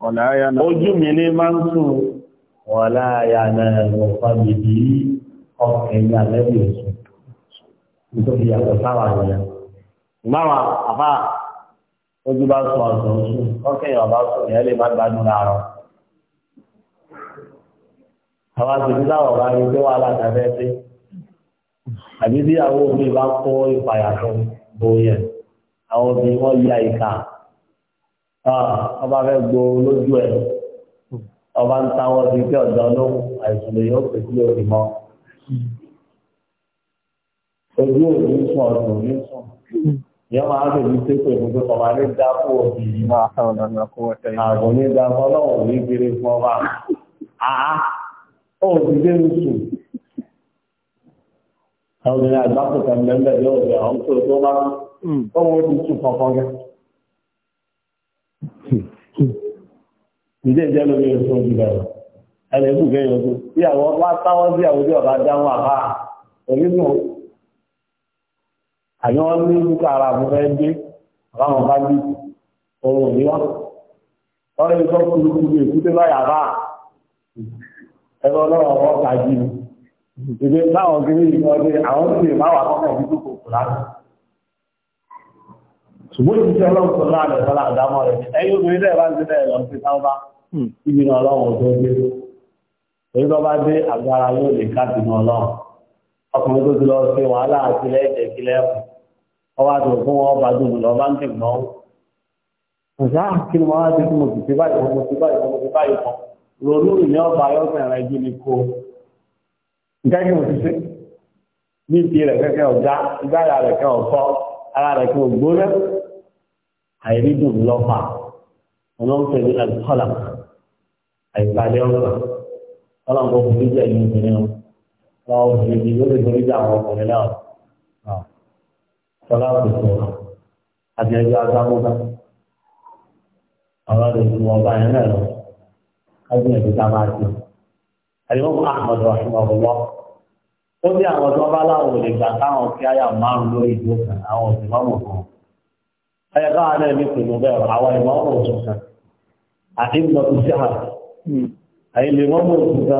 ojú mi ní máa ń sùn wọ̀lá àyànà ọ̀pá bìbí ọkùnrin àlẹ́bí ìsùn nítorí yàtọ̀ sáwà yẹn ìmáwà àfà ojú bá sùn ọ̀sán sùn ọkùnrin ọ̀bá sùn yẹn lè má gbádùn láàárọ̀ àwọn àgbègbè láwọn ọba rí pé wàhálà tàbí ẹ àbí bí àwọn òbí bá kó ìpayà tó bóyẹ àwọn òbí wọn yá ìka Ah, ọba fẹ́ gbòòrò lójú ẹ̀ ọba ń táwọ́ sí pé ọ̀dọ́ ló àìsàn lè yọ pé kí orí mọ́. ojú òní sùn ọ̀sùn òní sùn ìyẹn máa bẹ̀ mí pé pẹ̀lú pé ọba ní dákú òbí yìí. àgùn ní dákú ọlọ́run ní kiri fún ọba. àá ó ti dé mi sùn. àwọn obìnrin àgbákò kan lẹ́ńdẹ̀ yóò bẹ̀ ọ́n tó tó bá hmm. tó wọ́n ti sùn kankan gẹ́. ǹjẹ́ ìjẹ́ lórí ẹ̀rọ tó rẹ̀ ẹ̀rẹ̀ ìbù kẹ́ yọjú bí àwọn bá táwọn sí àwọn ojú ọ̀bá dáhùn àbá onímọ̀ àyàn ní lúkà ara mo fẹ́ àbáwọn bá bí ohun òní wá ìtọ́ kúlukúlu èkúté báyà bá ẹ̀rọ ọlọ́run ọkọ̀ kájí ni ìdè báwọn kiri ìmọ̀dé àwọn sì má wà ṣùgbọ́n ìdíjẹ́ ọlọ́run tó láàrín ọ̀sán àdámọ́ rẹ̀ ẹ̀yìn obìnrin náà bá ń ṣe bẹ́ẹ̀ lọ sí táwọn bá ibi hmm. náà ọlọ́run tó dé èyí tó bá dé agbára yóò lè káàdì náà ọlọ́run ọkùnrin tó ti lọ ṣe wàhálà àti lẹ́ẹ̀jẹ̀ kí lẹ́ẹ̀kùn ọwọ́ àti òfin wọn bá dùn lọ bá ń tì náà ọ̀sá kí ni wọ́n á ti fún mo sì ti báyìí fún mo ti báyìí fún mo ti báyìí fún ronú ìní ọba ayọ́kùnrin rẹ̀ jí ni kó nǹkan kí mo ti ṣe ní ti rẹ̀ kẹ́kẹ́ ọ̀gá ìgbára rẹ̀ kẹ́ ọ̀fọ́ ara rẹ̀ kẹ́ ògbóná àìrídùn lọ́fà ọlọ́run tẹ̀lé àgbọ̀là àìsàlẹ̀ ọ̀gbà ọlọ́run kò fún bíjà obìnrin o lọ́wọ́ obìnrin bíi ó lè fún bíjà àwọn ọkùnrin náà tọ́lá ah. òkùnkùn wọn àti ẹgbẹ́ agbábọ́dá àwọn àdéhùn ọba yẹn náà lọ kájú ẹ̀dùn ká máa ṣe àdéhùn Ahmad rahim ọ̀bọ̀bọ̀ ó ní àwọn tó bá láwọn lè gbà káwọn kí áyà márùn lórí ìdúró kan àwọn òsì mọ́mọ́ kan ẹ̀yẹ káwọn náà ní pẹ̀lú bẹ́ẹ̀ àwọn ìmọ̀ọ́mọ̀ òṣù kan àti ìmọ̀ọ́mọ̀ àìlè wọ́n mọ̀ òkúta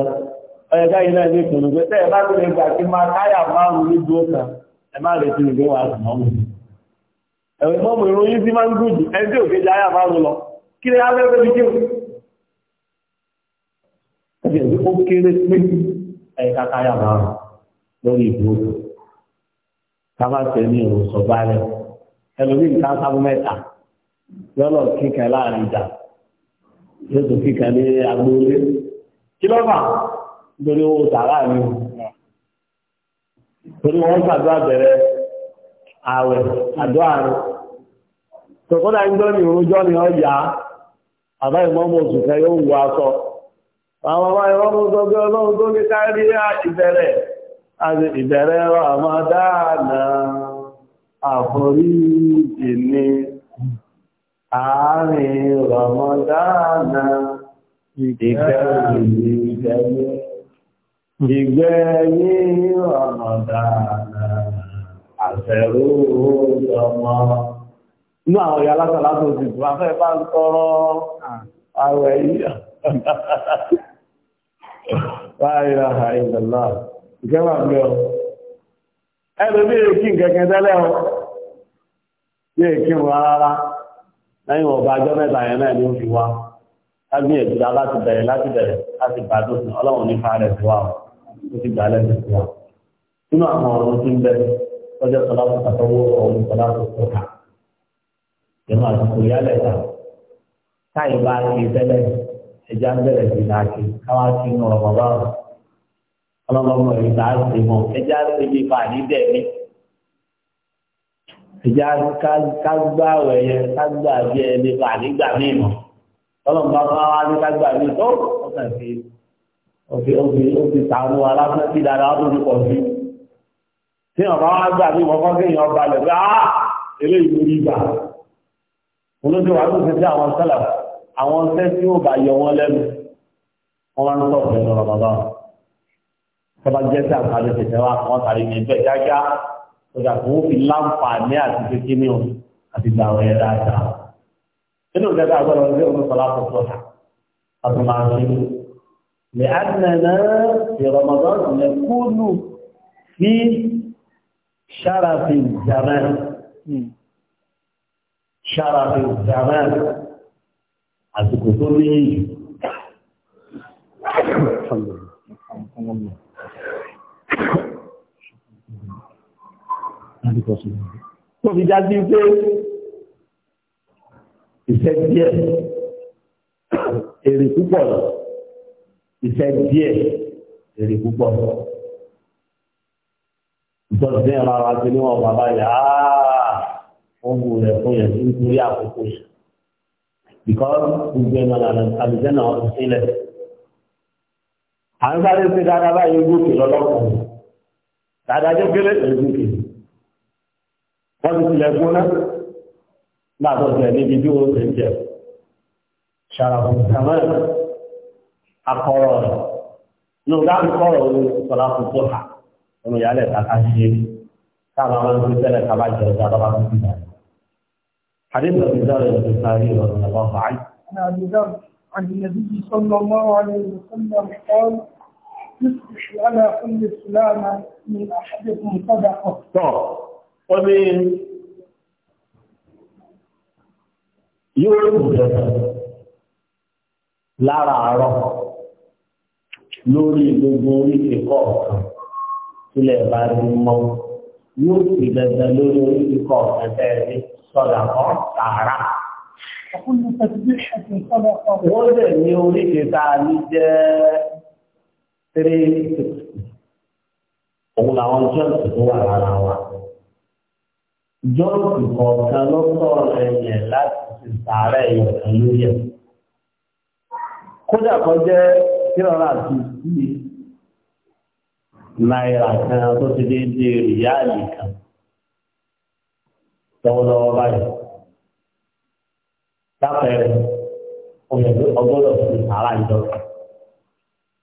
ọ̀yẹ̀ká yìí náà ní ìpinnu pé tẹ́ ẹ bá tilẹ̀ gbà kí máa káyà márùn-ún ní dúrótà ẹ má retí ní pé wà á sùn mọ́mù. ẹ̀wẹ̀ mọ́mù ìròyìn sí máa ń gùn jù ẹni tí òkè jáyà márùn-ún lọ kí ni abẹ́ fẹ́ fi kí o. ẹ̀jẹ̀ tí ó kéré pé ẹ̀ka káyà márùn-ún lórí ìdúrótà ká má tẹ̀ ní ìròsọ̀ bá rẹ̀ ẹlòmíì ká sábú mẹ́ta yọ́lọ̀ kíkẹ́ yóò tó kíkà ní agbóolé kí ló fà nítorí owó sàrà mi torí wọn ṣàdúrà bẹ̀rẹ̀ ààwẹ̀ àdúrà rẹ tòkọ́dà ń gbọ́ ní òrùjọ́ ni ọ yá àbá ìmọ̀mọ̀ oṣù kan yóò wọ aṣọ àwọn ọmọ ọlọ́run tó ní kárí ìbẹ̀rẹ̀ àti ìbẹ̀rẹ̀ àárín rọmọdánà ìgbẹ̀yìn ìgbẹ̀yìn ìgbẹ̀yìn rọmọdánà àfẹ́rú ọmọ inú àwọn ìyá látàlá tó ti tó afẹ́ bá ń tọrọ àwẹ̀ yíyà láìra àìdàlá ìkẹwà bí ọ ẹ̀rọ bí èkí nkẹ̀kẹ̀ tẹ́lẹ̀ ọ bí èkí wọn rárá lẹ́yìn ọba ajọ́ mẹ́ta yẹn náà ni ó fi wá lágbìyànjú la láti bẹ̀rẹ̀ láti bẹ̀rẹ̀ láti bá tó sùn ọlọ́run nípa rẹ̀ sí wa ó ti gbà lẹ́sẹ̀ sí wa nínú àwọn ọ̀run tí ń bẹ lọ́jọ́ sọlá tó sàtọ́wọ́ ọ̀run sọlá tó sọ̀tà ìmọ̀ àtúntò yálẹ̀ ta táì bá ti tẹ́lẹ̀ ẹja ń bẹ̀rẹ̀ sí láti káwá sí inú ọ̀rọ̀ bàbá ọlọ́mọ ẹ̀yìn tá a ti mọ̀ ẹja ń ìjà kágbá wẹ̀yẹ kágbá bí ẹni bá nígbà míì mọ̀ ọlọ́run bá fún wa ní kágbá míì tó ọkàn sí òfin òfin òfin sàánú aláfẹ́ sí dáadáa ó tóbi pọ̀ sí. tí wọn bá wá gbà mí wọn kọ́ sí ìyàn balẹ̀ pé áá eré ìlú ìgbà olóde wa tó fi sí àwọn sẹ́lẹ̀ àwọn sẹ́ tí ó bá yọ wọn lẹ́nu wọn máa ń sọ ọ̀fẹ́ lọ́rọ̀ bàbá wọn. tọ́ba jẹ́ sí àkàlẹ̀ tẹ̀tẹ̀ wa wọ́n tàbí ní ẹgbẹ́ kíákíá ọjà kò fi láǹfààní àti kékeré o àti gbà wọ́n yẹn dáadáa. nínú ìjọba àgbọ̀dọ̀ ọdún ọdún sọlá tó sọ̀tà àti máa ń ṣe. lè á nana lè Ramadan lè kúlù sí sharafin zaman sharafin zaman àsìkò tó níyì. Alhamdulillah. tó fi já sí pé ìṣẹ́ díẹ̀ èrè púpọ̀ lọ ìṣẹ́ díẹ̀ èrè púpọ̀ lọ. ìtọ́jú ní ẹ̀rọ ara ti níwọ̀n bàbá yà á wọ́n wù rẹ̀ fún yẹn nítorí àkókò yẹn. because gbogbo ẹ̀mọ̀ lànà àbíjẹ́ náà ti sílẹ̀. à ń sáré sí dáadáa báyìí gòkè lọ́lọ́kùnrin dáadáa jẹ́ kéré ègùnkè. wọ́n ti lẹ́ gbóná máa tọ́ níbi bí wọ́n ti ń jẹ ṣàràbù kàmẹ́ akọ̀rọ̀ ní ọgá akọ̀rọ̀ ló sọ̀rọ̀ àkókò hà ọmọ ìyá lẹ̀ kàkà ṣe káàmà wọn ti tẹ́lẹ̀ kàbá jẹ ọjà bàbá tó ti dàrú. حديث أبي ذر البخاري رضي الله عنه عن أبي ذر عن النبي wọ́n ní yóò rò dẹ̀dẹ̀ láràárọ̀ lórí gbogbo oríṣi kọ̀ọ̀kan sílẹ̀ bá rí mọ́ yóò sì dandan lórí oríṣi kọ̀ọ̀kan tẹ̀lé sọ̀dà kan tààrà. Wọ́n lè ní oríṣi tá jẹ́ three Òun làwọn jọ́ọ̀sì tó wà lára wa. jọ́ọ̀kì kọ̀ọ̀kan ló sọ̀rọ̀ ẹ̀yẹ̀ láti ti sàárẹ̀ ìyọ̀kan lórí ẹ̀. kódà kan jẹ́ àti sí náírà kan tó ti kan lọ́wọ́lọ́wọ́ báyìí. ọgọ́dọ̀ sàárà ìjọba.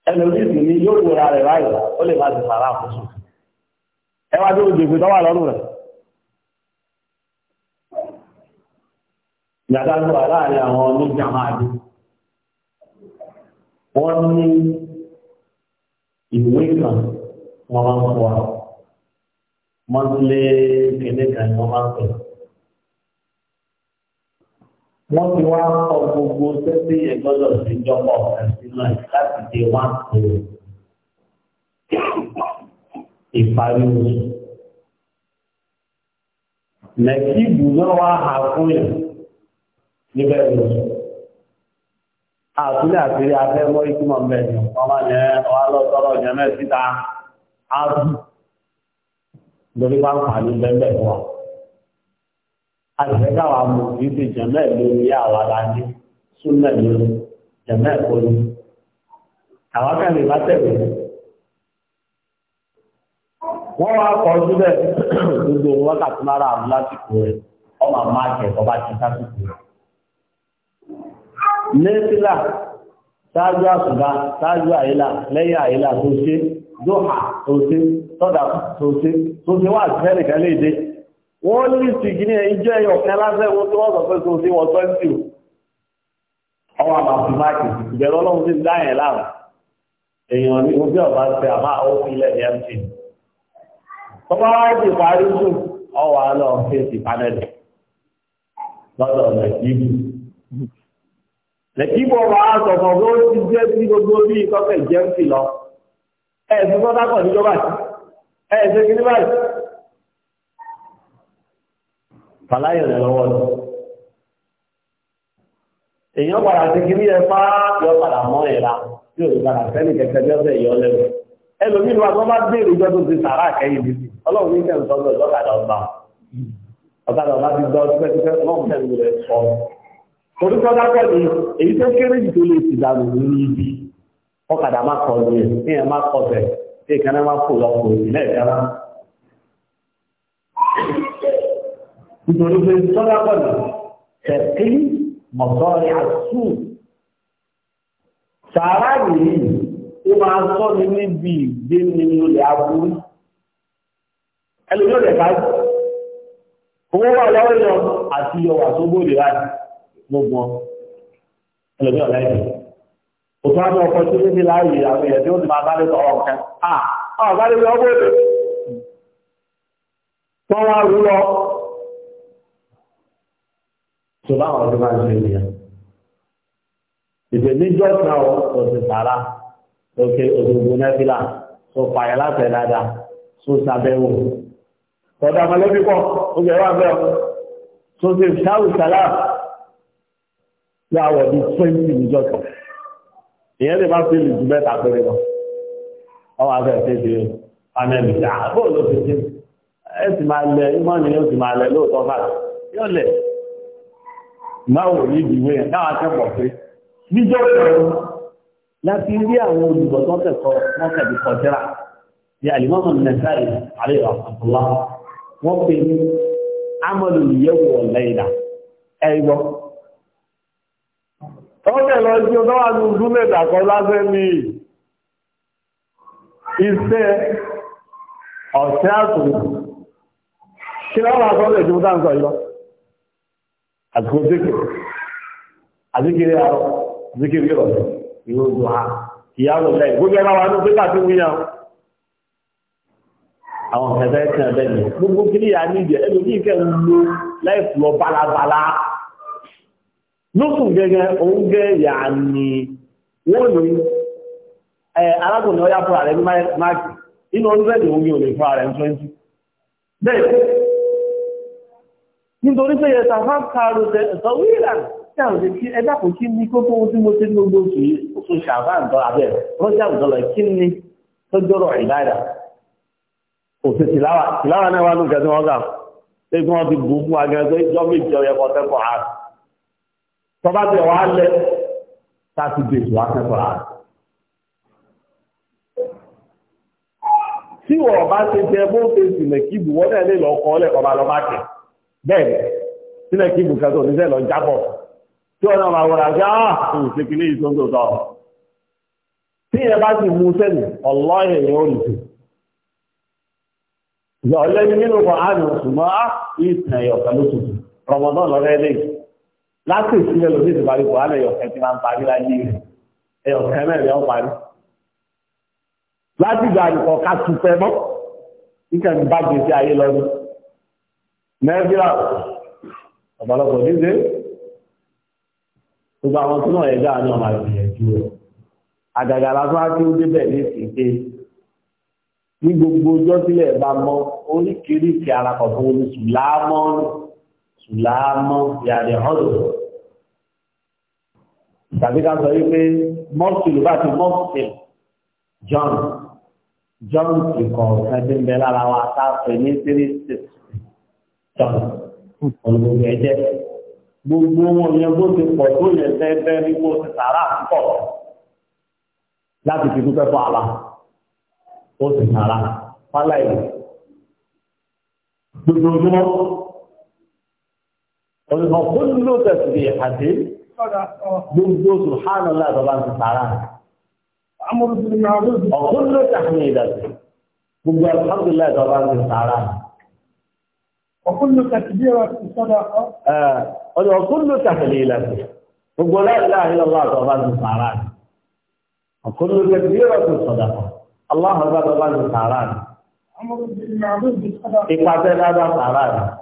ẹnu ìsìn ni yóò rẹ̀ báyìí ó lè má ti sàárà àkóso. ẹ wá o tó wà lọ́rùn rẹ̀. ìyàdájọ́ aláàrin àwọn oníjàmáàdé wọ́n ní ìwé kan wọ́n máa ń kọ́ wa mọ́tílé kéde kan wọ́n máa ń pè wọ́n ti wá kọ́ gbogbo sẹ́sẹ́ yẹn gbọ́dọ̀ sí jọ́pọ̀ ẹ̀sìn náà láti dé wá pè é ìparí oṣù. Nàìjíríà náà wá hà fún yẹn. níbẹ̀ lọ sọ. Àtúlẹ̀ àtìrí afẹ́mọ́ ìtumọ̀ mẹ́rin, ọmọ yẹn ọwá lọ sọ́rọ̀ yẹn mẹ́ síta, á bù. Lórí bá ń ní bẹ́ẹ̀ wà. Àtìfẹ́ mú jẹ̀mẹ́ lórí àwa la ní, lórí, jẹ̀mẹ́ kò ní. bá tẹ̀lé. Wọ́n wá síbẹ̀ gbogbo wákàtí mára rẹ̀, ọmọ àmọ́ àjẹ̀kọ́ bá ti sásìkò rẹ̀. nẹ́fílà ṣáájú àṣùbá ṣáájú àyílà lẹ́yìn àyílà tó ṣe dóhà tó ṣe tọ́dà tó ṣe tó ṣe wà tẹ́nìkan lè dé wọ́n ní ìsìnkíní ẹ̀yìn jẹ́ ọ̀kan lásẹ̀wọ́n tó wọ́n sọ pé tó ṣe wọ́n twenty ọwọ́ àbàfù máàkì ìbẹ̀rù ọlọ́run ti dá yẹn láàrùn èèyàn ní ojú ọba ṣe lọ́dọ̀ ọ̀nà ìbù lẹ́kìbọ̀ wà á sọ̀tọ̀ bó ti jẹ́ sí gbogbo bí ìtọ́fẹ̀ jẹ́ ń fi lọ ẹ̀sùn sọ́dákọ̀ níjọba sí ẹ̀sùn kìíní báyìí. fàlàyé rẹ̀ lọ́wọ́ lọ. èèyàn padà sí kìíní ẹ fá yọ padà mọ́ ìra tí òun padà sẹ́ni kẹ̀kẹ́ bí ọ̀sẹ̀ yọ lẹ́nu. ẹlòmíì wa tó bá béèrè ìjọ tó ti sàrà kẹ́yìn bí sí ọlọ́run ní kẹ́ ọ̀sán lọ́kadà ọba torí sọ́dákọ̀ ni èyí tó kéré jù tó lè ti dànù ní ibi ọkadà má kọ ní ẹ̀ ní ẹ̀ má kọ bẹ̀ tí ìkànnì má kò lọ kò sí lẹ́ẹ̀kára. nítorí pé sọ́dákọ̀ ni tẹ̀kí mọ̀tọ́rì àṣù sàárà yìí ó máa sọ ní níbi ìgbé ní olè aburú ẹlòmíràn owó wà lọ́wọ́ yọ àti yọ wà tó bóde láti mo gbọ́ ẹlòmí ọ̀la ẹ̀dùn òtún àti ọkọ̀ tí ó ní láàyè àwọn èèyàn ó ti máa bá lè ọ̀rọ̀ kan à ọ̀bá lè lọ́wọ́ èdè tó wá rú lọ tó bá àwọn ọdún máa ń ṣe ènìyàn ìgbèmí jọ́sìn náà ó ti sàrà lókè òdòdó nẹ́fìlà tó pààyàn láti ẹ̀ tó sàbẹ̀wò tọ́da ọmọlẹ́bí pọ̀ ó gbẹ̀rọ àbẹ̀wò tó ti sáwù sàlá yà wọ̀ bí twenty níjọ kan ìyẹn lè má fi lè ju mẹ́ta péré lọ ọwọ́ afẹ́ ṣe ṣe panẹ́lì ṣe àbò ló fi ṣe ẹ sì máa lẹ ìmọ̀ ni yóò sì máa lẹ lóòótọ́ láti àwọn olùgbọ́ tó ní wọ́n pè ní amọ̀lù ọ̀lẹ́yìnà ẹ̀yọ́ Kọ́kẹ̀ lọ sí ọdọ́ wà ní ìdúnlẹ̀ ìdàkọ́ lásẹ́ ní iṣẹ́ ọ̀sẹ́ àtùkù. Kí láwọn akọ́lẹ̀ tí mo dá ń sọ yìí lọ? Àtùkù zíkìrì, àzíkìrì àrọ̀, zíkìrì rọ̀, ìwò òjò ha, ìyáwó lẹ́yìn, gbogbo ẹ̀rọ wa ní pípà tí wíyà àwọn kẹfẹ́ kẹfẹ́ bẹ́ẹ̀ lókùn gẹ́gẹ́ òun gẹ́ yà ní wọ́n ní alákùnrin ọya fún ààrẹ ní máàkì inú ọdúnrẹ́dì òun yóò lè fún ààrẹ ní 20 bẹ́ẹ̀ nítorí pé yẹta fáf kààrù tẹ̀sọ̀ wíìlà káàrùn kí ẹjá kò kí ní kókó tí mo ti gbogbo sí oṣù ṣàbáǹtọ́ abẹ́ rọ́jà ìdọ́lọ̀ kí ni tọ́jọ́rọ̀ ìdáyà òsì tìláwà tìláwà náà wà ní ìgbẹ́sí wọn gà pé kí wọ́n ti bù fún agẹ́gẹ́ jọ́ méjì ọyẹ kọ́ tẹ́kọ̀ọ́ tọ́ba tẹ̀ wá lẹ̀ tààtì dèjì wá kẹ́kọ̀ọ́ rà. tí wọ́n bá ṣe jẹ bó ṣe sílẹ̀ kíbu wọ́n náà lè lọ kọ́ lẹ̀ ọba lọ́ba kẹ̀ bẹ́ẹ̀ sílẹ̀ kíbu kẹ́tọ̀ oníṣẹ́ lọ jábọ̀ tí wọ́n náà máa wọra sí ah ṣe kìíní yìí tó ń tòótọ́ tí ìyẹn bá sì mú sẹ́nu ọlọ́yẹ̀ yẹn ó lè tó ìyọ̀ ọlẹ́ni nínú kan á nù ṣùgbọ́n á ah, ìtàn ẹ̀yọ̀ pẹ̀lú tuntun rọmọdán lọ́rẹ́ lẹ́yìn láti ìsinmi lòdì ìdìbàrí kò hálẹ̀ ẹ̀yọ̀kẹ́ tí máa ń parí láyé rẹ̀ ẹ̀yọ̀kẹ́ mẹ́rin ọ̀ parí. láti ìgbà nìkan ká tu fẹ́ mọ́ níkẹ́ ní bá gbèsè ayé lọ ní. nàìjíríà ọ̀pọ̀lọpọ̀ dídé gbogbo àwọn tó náà ẹ̀dá ni ọmọ àgbìyànjú rẹ̀ àgàgà lásán á ti ń débẹ̀ ní ìsìnké ní gbogbo ọjọ́ sílẹ̀ bá mọ oríkèéríkèé arakọ̀ fún oníṣù láàmọ́ọ́nù sùlámọ́ yàrá ọ̀dọ̀ tàbí ká sọ wípé mọ́sùlù bá ti mọ́sùlù john john ti kọ̀ ọ̀kan tí ń bẹ lára wa tá ní three john olùgbòmí ẹ̀jẹ̀ gbogbo wọn yẹn bó ti pọ̀ tó yẹ bẹ́ẹ̀ ní kó ti sàrà pọ̀ láti fi dúpẹ́ fún àlá ó sì sàrà fáláì gbogbo ojúmọ́ ọ̀gbọ̀n kó ló tẹ̀sí bí àdé gbogbo sùhánà láàbàbà ti sàrà ọ̀kún ló tẹ̀sí ìdàgbé gbogbo alhamdulillah ìdàgbà ti sàrà ọ̀kún ló tẹ̀sí bí ọ̀kún ló tẹ̀sí ìdàgbé gbogbo láìláì lọ́wọ́ àtọ̀bà ti sàrà ọ̀kún ló tẹ̀sí bí ọ̀kún ti sàrà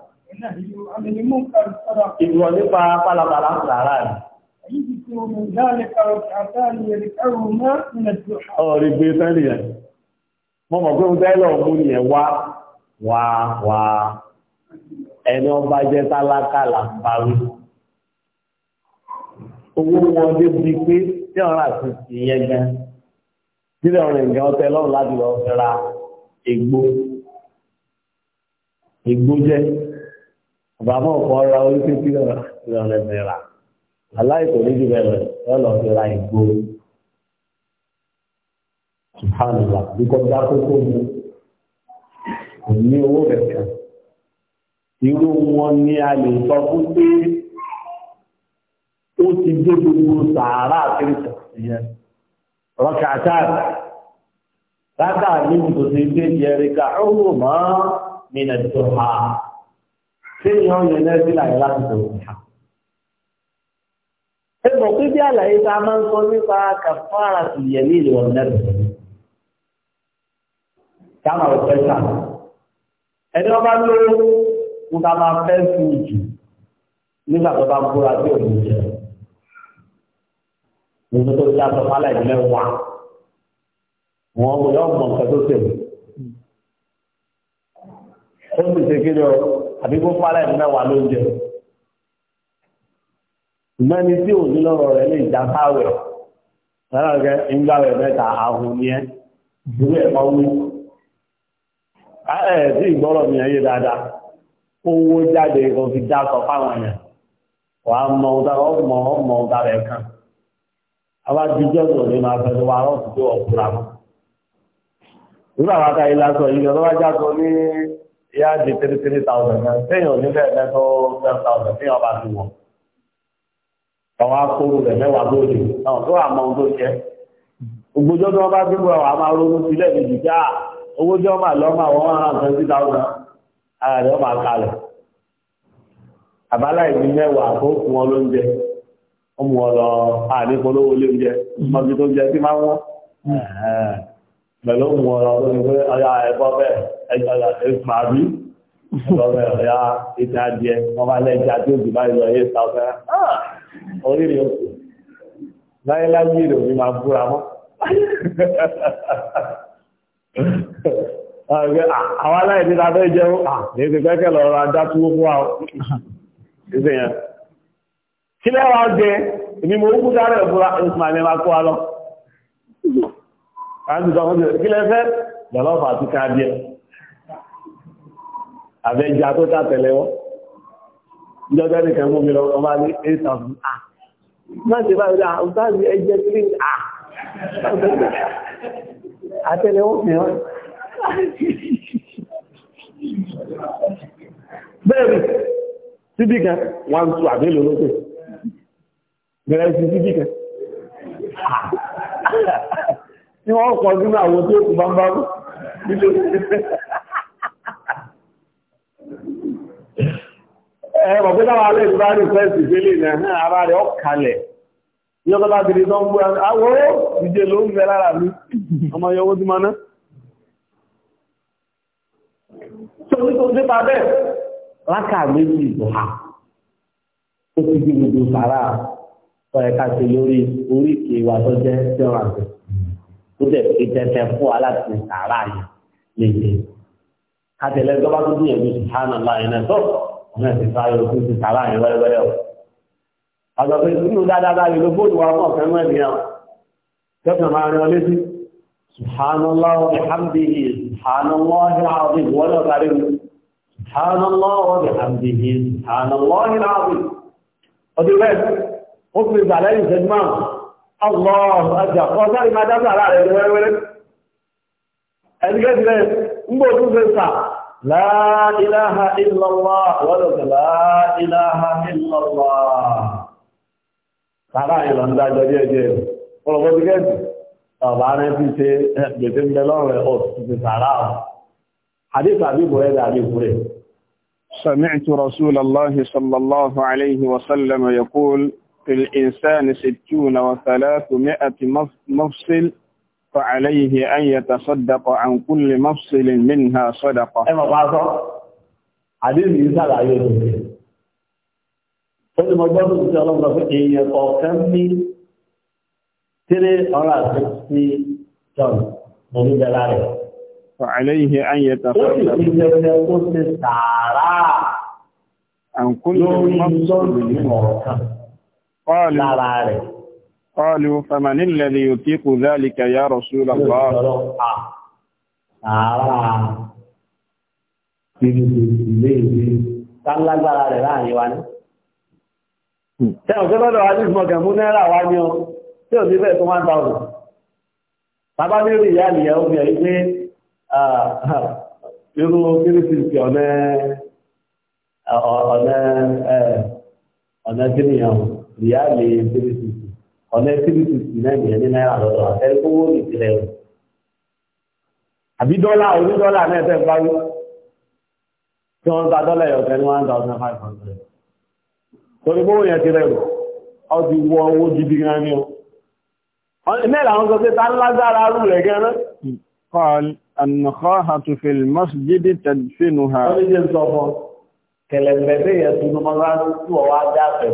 Ìwọ̀ nípa pálapàla ń sàárà rẹ̀. Ọ̀rí gbé sẹ́lì rẹ̀. Mo mọ̀ pé ń tẹ́lọ̀ mú ni ẹ̀ wá, wá, wá. Ẹni ọba jẹ́ tálákà là ń parí. Owó wọn débi pé tí ọ̀rọ̀ àti ìyẹn gan. Sílẹ̀ ọ̀rọ̀ ìgbà ọtẹ lọ́rùn láti lọ fẹ́ra egbò. Egbò jẹ́ bàbá ọ̀pọ̀ ọ̀rọ̀ orí pípí ọ̀rọ̀ lẹ́sẹ̀ rà aláìkò níbi bẹ̀rẹ̀ ọ̀lọ́ fi ra ìgbó subhanallah bí kò dá kókó mu kò ní owó kẹ̀kẹ́ irú wọn ni a lè sọ fún pé ó ti dé gbogbo sàárà àkérésì ìyẹn rọkàtà rákà níbi tó ti dé jẹrìkà ọ̀rọ̀ kéèyàn yẹn lẹ́bí làyẹ̀ láti sọ̀rọ̀ ìhà. ẹ mọ̀ pé bí àlàyé tá a máa ń sọ nípa kàfàrà sì yẹ ní ìlú ọ̀nà rẹ̀. káàmà ò fẹ́ sà. ẹni wọn bá ló ń ta máa fẹ́ fún jù nígbà ó sì ṣe kí ni ọ àbí kó fara ẹ̀mí mẹ́wàá lóúnjẹ. mẹ́ni tí ò ní lọ́rọ̀ rẹ̀ lè já sáwẹ̀ rẹ̀ ń gbàwẹ̀ mẹ́ta àhùn ni ẹ́ ìdúró ẹ̀ máa wí. ẹ̀ sí ìgbọ́rọ̀ mi ẹ̀yẹ dáadáa owó jáde fi dá sọ fáwọn èèyàn wà á mọ kan. máa fẹ́ tó ọ̀kúra mọ́. nígbà wàá ta ilé aṣọ yìí yá di three three thousand náà téèyàn níbẹ̀ lẹ́tọ́ twelve thousand téèyàn bá ti wọ̀ àwọn akóró rẹ̀ mẹ́wàá lóde àwọn tó àmọ́ ohun tó jẹ́ ògbójọ́ tí wọ́n bá dúró àwọn àmọ́ ronú sílẹ̀ méjì já owó jọ́ mà lọ́mọ àwọn one hundred twenty thousand ara rẹ̀ máa kalẹ̀ àbálá ìdí mẹ́wàá tó fún wọn lóúnjẹ ó mú ọ lọ àdékòlówó lóúnjẹ mọ́bí tó jẹ sí máa ń wọ́n. Hmm pẹ̀lú ohun ọ̀rọ̀ tó ní pé ọya ẹ̀kọ́ bẹ́ẹ̀ ẹjọ́ ìpàrí lọ́rẹ̀ ọ̀yá ìta díẹ̀ wọ́n bá lẹ́jà tí ó jù báyìí lọ yé ìta ọ̀fẹ́ orí mi òkú láyé láyé ìrò mi máa búra mọ́. Ah, ah, àwọn aláìní ta fẹ́ jẹun ní ah, ti kẹ́kẹ́ lọ ra dá túwó fún wa ìsìnyẹn. sílẹ̀ wa jẹ ìmìmọ̀ òkú dárẹ̀ fúra ìsìnkú àlẹ́ máa kó wa lọ àti sọ fún kí lẹ́fẹ́ lọ́lọ́fà àti káàdìẹ̀ àbẹ́jà tó ta tẹ̀lẹ́wọ́ ìjọba ẹnìkan mú mi lọ ọmọ ní 8,000 à máa ṣe báyìí dáa ah, ọ̀tá ní ẹjẹ́ kílí à àtẹ̀lẹ́wọ́ ah, mìíràn bẹ́ẹ̀ni síbí kan wọ́n tún àbẹ́lò lókè bẹ̀rẹ̀ sí síbí kan ní wọ́n kọ̀ nínú àwọn tó kù bámbá nílé ẹ̀ bàbá dáwà alẹ́ ìgbà rí fẹ́ẹ̀sì fẹ́lẹ̀ ní ara rẹ̀ ọ̀kalẹ̀ ní ọkọ̀ láti rí tán gbọ́ àwọ̀ ìjẹ́ ló ń bẹ lára mi ọmọ yọwọ́ tí máa ná tó ní tó ń dé padẹ́ láka méjì ìbọ̀há ó ti tó dẹ̀ fi tẹ̀tẹ̀ fún wa láti sàárà yẹn léde. Àtẹ̀lẹ́ tó bá tó dùn yẹn lóṣù hánà láàyè náà tó ọ̀nà ìsìn sáré o tó ti sàárà yẹn wẹ́rẹ́wẹ́rẹ́ o. Àgbà pé nínú dáadáa báyìí ló bóòlù wa fún ọ̀fẹ́ mọ́ ẹ̀dìyàn. Kẹ́kọ̀ọ́ máa rán létí. Subhanallah wa bihamdihi subhanallah wọ́n náà sáré mi. Subhanallah wa bihamdihi subhanallah Ọdún bẹ́ẹ̀, ó fi ìgbà lẹ́yìn ìṣẹ́jú Allahu ajá kọ́ sáré máa dábàá ara rẹ̀ wẹ́rẹ́wẹ́rẹ́. Ẹnikẹ́ ti rẹ̀ ń bò tún fẹ́ sà la ilaha illallah wọ́lọ̀kẹ̀ la ilaha illallah. Sàrá ìlọ ń dájọ́ díẹ̀ díẹ̀. Ọ̀rọ̀ ti kẹ́ẹ̀tì. Ọ̀bá rẹ̀ ti ṣe gbèsè ń bẹ lọ́rùn rẹ̀ ti ti sàrá ọ̀. Hadith àbí سمعت رسول الله صلى الله عليه وسلم يقول في الإنسان ستون وثلاثمائة مفصل فعليه أن يتصدق عن كل مفصل منها صدقة àdéhùn yìí sàlàyé rẹ̀. Fẹ́lẹ̀mọ̀ gbọ́dọ̀ ti ọlọ́run lọ́pẹ́ èèyàn ọ̀kan ní 360 John Mọ̀lúbẹ̀lá rẹ̀. Fàálẹ́yìí ayẹ tàfẹ́ ìjẹ́ lára rẹ̀. Ọlù Fẹ́màní lẹ́lẹ̀ yóò tí kò zálìkà yá Rasulullah. Ààrà ní. Tẹ́wọ̀n tó lọ́dọ̀ wa ní ìfọ̀gẹ̀ mú náírà wá ní ọ, ọ̀nà ọ̀nà ọ̀nà kíníyàn ìyá lè three fifty ọ̀nà three fifty náà nìyẹn ní náírà lọ́dọ̀ àtẹ́rí kówó nìkìlẹ̀ rẹ̀ àbí dọ́là orí dọ́là náà fẹ́ bá tí wọ́n ta dọ́là ẹ̀yọ̀kẹ́ ní one thousand five hundred torí kówó yẹn ti rẹ̀ rò ọ ti wọ owó gidi gan ni o mẹ́rin àwọn sọ pé ta lágbára rú rẹ̀ gan náà. قال النخاهة في المسجد تدفنها.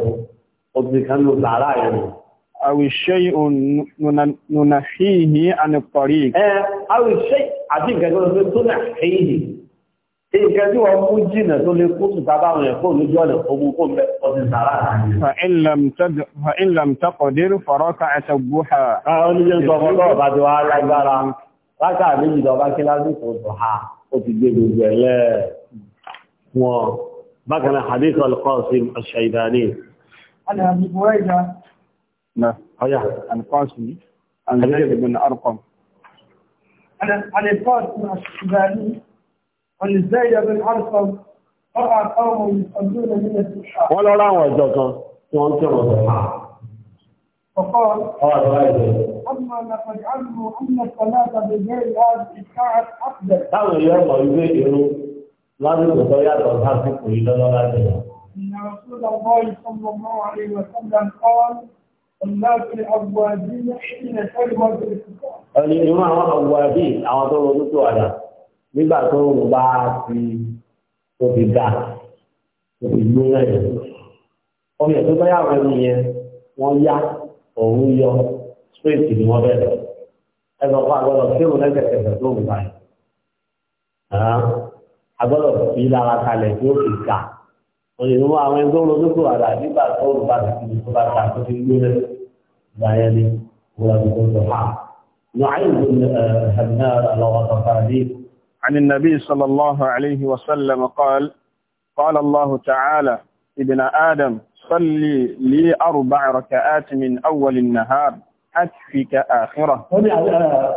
Wọ́n obìnrin kan ló sàárà yẹn nù. àwìṣẹ́ nùnàhíhì ànìpọ̀rí. ẹ àwìṣẹ́ àti nǹkan tó lọ tó nàhíhì nǹkan tí wọ́n mú jìnà tó lè kó sùtà báwọn yẹn fóònù jọ lè fowó kó mbẹ ọdún sàárà yẹn. fa in lam taqdir faraka àtàgbóhà. àwọn oníjẹ́ sọ fún lọ́wọ́ bá ti عن أبي بريدة نعم صحيح عن قاسم عن زيد بن أرقم عن القاسم الشيباني عن زيد بن أرقم رأى قوم يصلون من السحاب ولا رأوا الزكاة فقال أما لقد علموا أن الصلاة بغير هذه الساعة أفضل. قالوا يا الله يبين لا يبين لا يبين لا يبين أن رسول الله صلى الله عليه وسلم قال صلاة الأوابين حين تلوى بالكفار. الإمام الأوابين أو تقول تقول nígbà tó ń bá ti tóbi dá tóbi gbóná yẹn ọmọ ẹ̀ tó bá yà wọ́n yẹn wọ́n yá òun yọ spéèsì ni wọ́n bẹ̀rẹ̀ ẹ lọ fún tí òun lẹ́sẹ̀kẹsẹ̀ tó ń bá yẹn fi lára kalẹ̀ tí ó fi ga. òyìnbó àwọn ẹgbẹ́ olódókò àrà nígbà tó olùbá ti fi tó bá ta tó fi gbé rẹ̀ báyẹn ní wọ́n ti tó tó عن النبي صلى الله عليه وسلم قال قال الله تعالى ابن آدم صلي لي أربع ركعات من أول النهار أكفك آخرة ومن الله eh,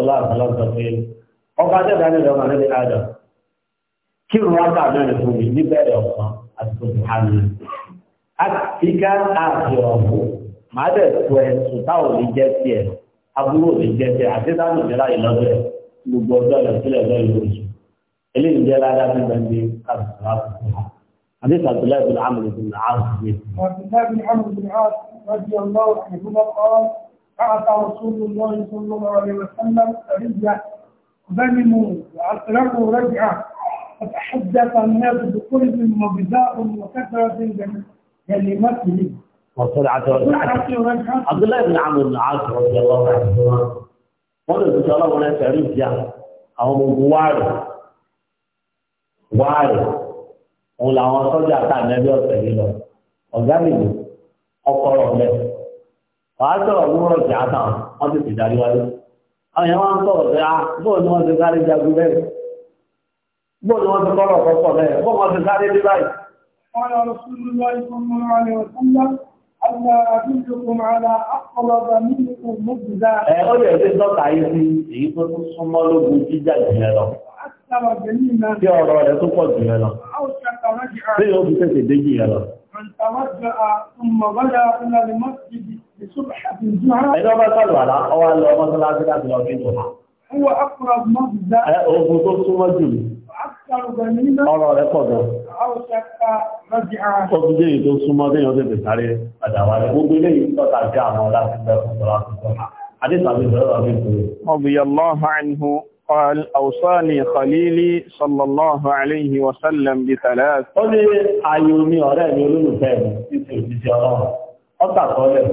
الله عليه وسلم وقال عن النبي آدم kí wọ́n bá mẹ́rin fún mi níbẹ̀rẹ̀ ọ̀kan àtìkò tó hàn mí. Àtìká àti ọ̀bù máa bẹ̀ tó ẹ sùtá ò ní jẹ́ sí ẹ̀ aburú ò ní jẹ́ sí ẹ̀ àti dánù jẹ́ láyé lọ́dọ̀ ẹ̀ gbogbo ọjọ́ rẹ̀ sílẹ̀ lọ́yẹ̀ oṣù. Eléyìí jẹ́ ládá tó bẹ̀ ní àbùkù àbùkù. Àbí Sàbílẹ̀ bin Amr bin Al-As ni. Sàbílẹ̀ bin Amr bin Al-As radi Allahu anhu qala ba'atha Rasulullah sallallahu alaihi wasallam rija banimu wa asrahu raj'a قد حدث الناس بكل مبداء وكثرة كلمته وسرعة عبد الله بن عمرو بن العاص رضي الله عنهما قال ان شاء الله ولا تعرف يا او وارد وارد òun làwọn sọ́jà tá ànábì ọ̀sẹ̀ yìí lọ ọ̀gá nìbò ọkọ̀ ọ̀lẹ́ wàá sọ̀rọ̀ lóòrọ̀ jà táwọn wọ́n ti ti darí wáyé àwọn yẹn wọ́n ń sọ̀rọ̀ pé ah bóun ni wọ́n ti sáré jagun bẹ́ẹ̀ gbọ́dọ̀ wọn ti kọ́rọ̀ ọ̀pọ̀ lẹ́yìn bọ́ wọn ti sáré dé báyìí. قال رسول الله صلى الله عليه وسلم ألا أدلكم على أقرب منكم مبدا. ẹ ọ yẹ kí dọ́kà yìí fi èyí tó tún súnmọ́ lógun jíjà jìnnà lọ. bí ọ̀rọ̀ rẹ̀ tó pọ̀ jìnnà lọ. bí yóò fi tètè dé jìnnà lọ. ẹ̀dọ́ bá sàlùwàlá ọwọ́ lọ mọ́sálásí láti lọ kí n Ogun tó súnmọ́ jù ọ̀rọ̀ rẹ̀ pọ̀ gan. Ó fi jẹ́ èyí tó súnmọ́ déyàn tó fi sáré àdàwà rẹ̀. Gbogbo ilé yìí tọ́ta jẹ́ àwọn ọlá ti bẹ́ fún قال أوصاني خليلي صلى الله عليه وسلم بثلاث. Ó ní ayò mi ọ̀rẹ́ mi olólùfẹ́ mi, títí òjíṣẹ́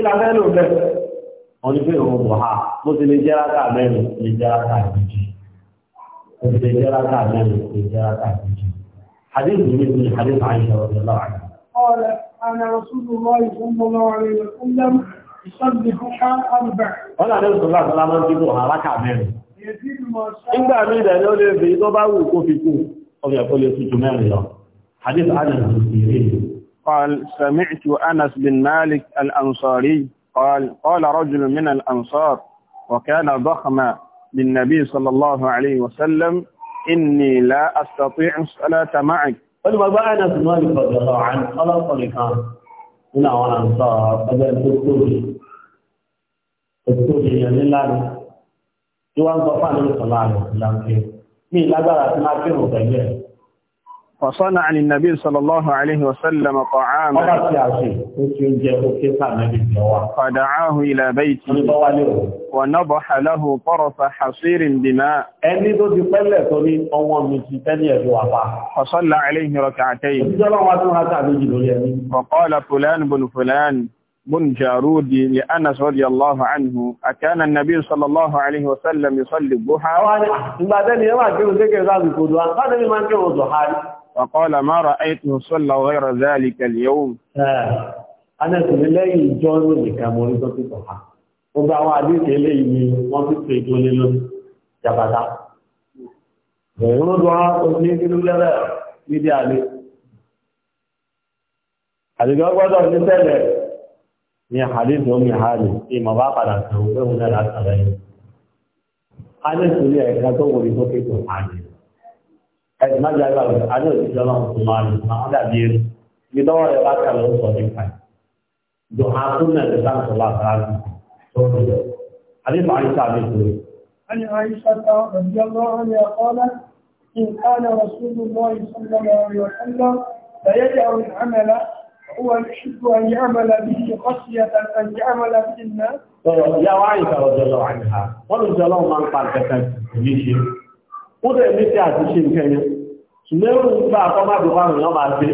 kí la fẹ́ lò bẹ́ẹ̀ wọ́n ní pé òun bọ̀ ha bó ti lè jẹ́ rákà mẹ́rin lè jẹ́ rákà méjì bó ti lè jẹ́ rákà mẹ́rin lè jẹ́ rákà méjì hadith mi ni hadith Aisha radiyallahu anha. ọ̀rẹ́ àná rasulullah sallallahu alaihi wa sallam ìsọ́dìbùkà àrùbà. wọ́n náà ní ìsọ̀lá àtàlà máa ń dìbò ha rákà mẹ́rin. nígbà míì dẹ̀ ni ó lè fi tó bá wù kó fi kú ọmọ ẹ̀kọ́ lè fi jù mẹ́rin lọ hadith Aisha radiyallahu anha. قال سمعت أنس بن مالك الأنصاري قال قال رجل من الأنصار وكان ضخما للنبي صلى الله عليه وسلم إني لا أستطيع الصلاة معك فالبابا أنس بن مالك رضي الله عنه قال الطريقان هنا وأنصار أبا الكتوري الكتوري يعني الله يوان ضفان صلى الله عليه وسلم مين لا بأس ما كانوا بينهم Fọ̀sọ́nà àni Nàbí sallallahu alaihi wasallam ta'ama. Ọba ti àṣì tó ti ń jẹ òkè sàmẹ́bì lọ́wà. Fada'ahu ila bayti. Wa nadaha lahu tarafa hasirin bima. Ẹni tó ti pẹ́lẹ̀ tó ní ọwọ́ mi ti tẹ́lẹ̀ ẹ̀dọ́ àpá. Fọ̀sọ́nà alaihi rak'atayn. Wa qala fulan bin fulan. بن جارود لأنس رضي الله عنه أكان النبي صلى الله عليه وسلم يصلي الضحى وبعدين يواجه ذكر ذلك الضحى قال لي ما انت الضحى فقال ما رأيته صلى غير ذلك اليوم أنا سنلاقي جون بكاموري بطيطها وبعوا عديث إليه وانت تقول له جبتا غير دعاء تسليك لله níbi àlè àdìgbà gbọ́dọ̀ ní tẹ́lẹ̀ ní àdìgbà omi àlè tí ma bá padà sọ̀rọ̀ pé òun náà látàrà yìí a ní ìsúlẹ̀ ẹ̀ka tó wòlé tó kéèkó àlè ẹ̀sìn عن عائشة رضي الله عنها قالت إن كان رسول الله صلى الله عليه وسلم فيدع العمل هو يحب أن يعمل به خشية أن يعمل به الناس. يا عائشة رضي الله عنها قالوا جلال من قال كتبت wọ́n tẹ̀ mí sí àtúnṣe nǹkan yẹn ṣùgbẹ́rù nígbà àkọ́mọ́dù fáwọn èèyàn máa ṣe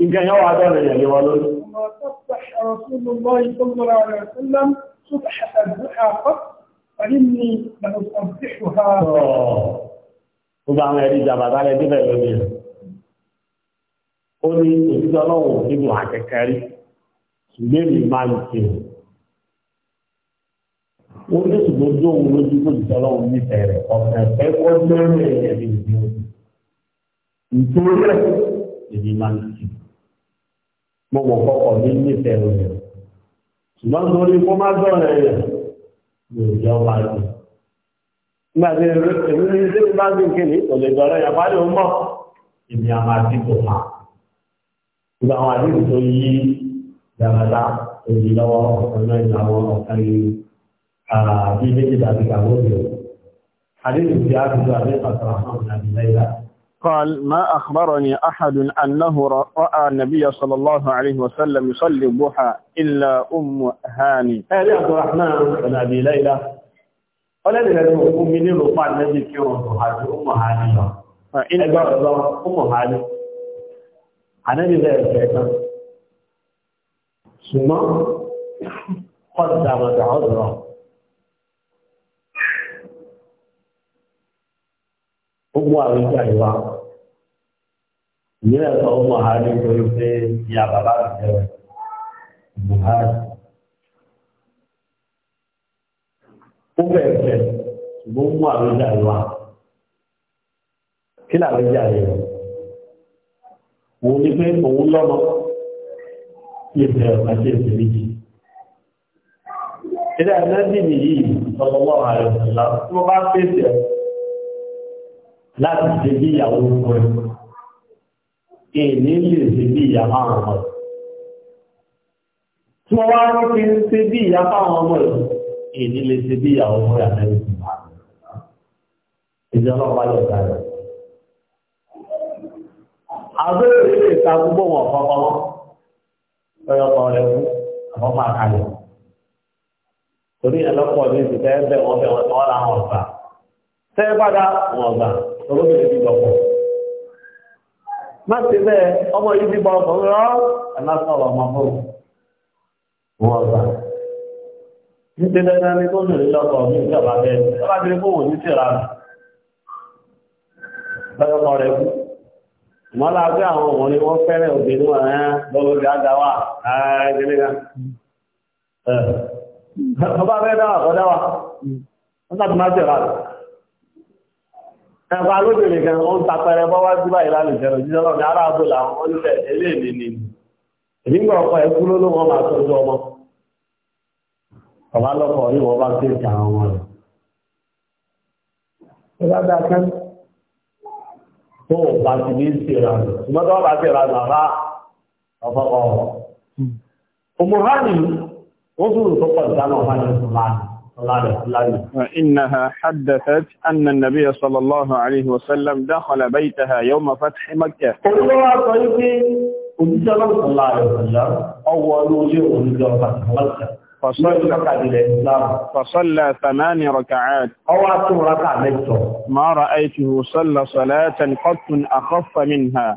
nǹkan yẹn wà bẹ̀rẹ̀ yẹn lé wọn lórí. Gbogbo àwọn ẹ̀rí ìjàmbá tálẹ̀ débẹ̀ lónìí rẹ̀. Ó ní òṣìṣẹ́ ọlọ́run nínú àkẹ́kẹ́ máa ń ṣe wọ́n ní ṣùgbọ́n tó wù lójú kó jùlọ lọ́wọ́ nífẹ̀ẹ́ rẹ̀ ọ̀nà ẹ̀kọ́ lórí ẹ̀yẹ mi ò ní ojú. Nítorí ẹ̀ èmi máa ń kí. Mo mọ̀ kọ́kọ́ ní nífẹ̀ẹ́ rẹ̀. Ṣùgbọ́n torí kó má dọ̀rẹ̀ rẹ̀ mi ò jẹ́ ọba rẹ̀. Nígbà tí èmi ní ṣé bá gbìn kìnnì kò lè dọ̀rẹ̀ yàrá ló mọ̀. Èmi a máa dìbò pa. Ìgbà àwọn àdéhùn tó yí dàgbàdà bí méjì tàbí kàwọ́ bẹ̀rẹ̀ àdéhùn ti sọ àdéhùn pàtàkì àwọn ọmọdé náírà قال ما أخبرني أحد أنه رأى النبي صلى الله عليه وسلم يصلي الضحى إلا أم هاني هذه عبد الرحمن بن أبي ليلى قال لي أنه أمني رفع النبي كيوم الضحى أم هاني فإن أم هاني أنا بذلك ثم قدمت عذره gbogbo àwọn ìjà ìwà ìyẹn sọ ọmọ àárín nítorí pé ìyá bàbá mi jẹrẹ buhari ó bẹ̀rẹ̀ bẹ̀rẹ̀ ṣùgbọ́n mú àwọn ìjà ìwà kí làwọn ìjà ìwà òun ni pé òun lọ́mọ kí bẹ̀rẹ̀ ọ̀gá sí méjì ilé ẹ̀rọ náà dì nìyí ọ̀pọ̀lọpọ̀ àrẹ̀ ọ̀sán tí wọ́n bá fèsì ẹ̀rọ láti ṣe bí ìyàwó ọmọ ẹ̀ èèní lè ṣe bí ìyá fáwọn ọmọ ẹ̀ tí wọ́n wá ní kí n ṣe bí ìyá fáwọn ọmọ ẹ̀ èèní lè ṣe bí ìyàwó ọmọ ẹ̀ àtẹ́wé ti máa ìjọ ọlọ́pàá yọ̀ ọ̀gá lè ta gbogbo wọn kọ́kọ́ lọ́yọ̀kọ́ rẹ̀ fún àkọ́kọ́ àkàlẹ̀ torí ẹlọ́pọ̀ ní ìsìnkẹ́ bẹ́ẹ̀ wọ́n bẹ́ẹ̀ wọ́n tọ́ láwọn ọ̀gbà tẹ́ padà wọn ọ̀gbà owó tó lè bẹ́ẹ̀ ọmọ yìí ti gbọ́ ọkọ̀ ńlọ àná ọmọ fún un wọ́n gbà. níbi dandan ni tó lè lọ́kọ̀ ní ìjọba bẹ́ẹ̀ lọ́ba ti rí fóònù ní tìra lọ́yọ́ kọ́ rẹ̀ kú. mọ́lá pé àwọn ọmọ wọ́n fẹ́rẹ̀ obìnrin ẹ̀fà lóbìnrin kan ó ń tapẹrẹ bọ́wá sí báyìí lálùjẹ́rọ jíjẹ́ lọ́nà ará àbò làwọn olùfẹ́ eléèlé ni ìdígbà ọkọ̀ ẹ̀kú ló wọ́n máa tọ́jú ọmọ ọba lọ́kọ̀ orí wọn bá tẹ̀ jà ọmọ rẹ̀ ẹ bá dá kán tó o bá ti ní ìṣèrà rẹ̀ ṣùgbọ́n tó o bá ti ra bàbá ọ̀fọ̀ ọ̀rọ̀ òmùhánì wọ́n tún rò tó pọ̀ ìdáná إنها حدثت أن النبي صلى الله عليه وسلم دخل بيتها يوم فتح مكة فصلى ثمان ركعات ما رأيته صلى صلاة قط أخف منها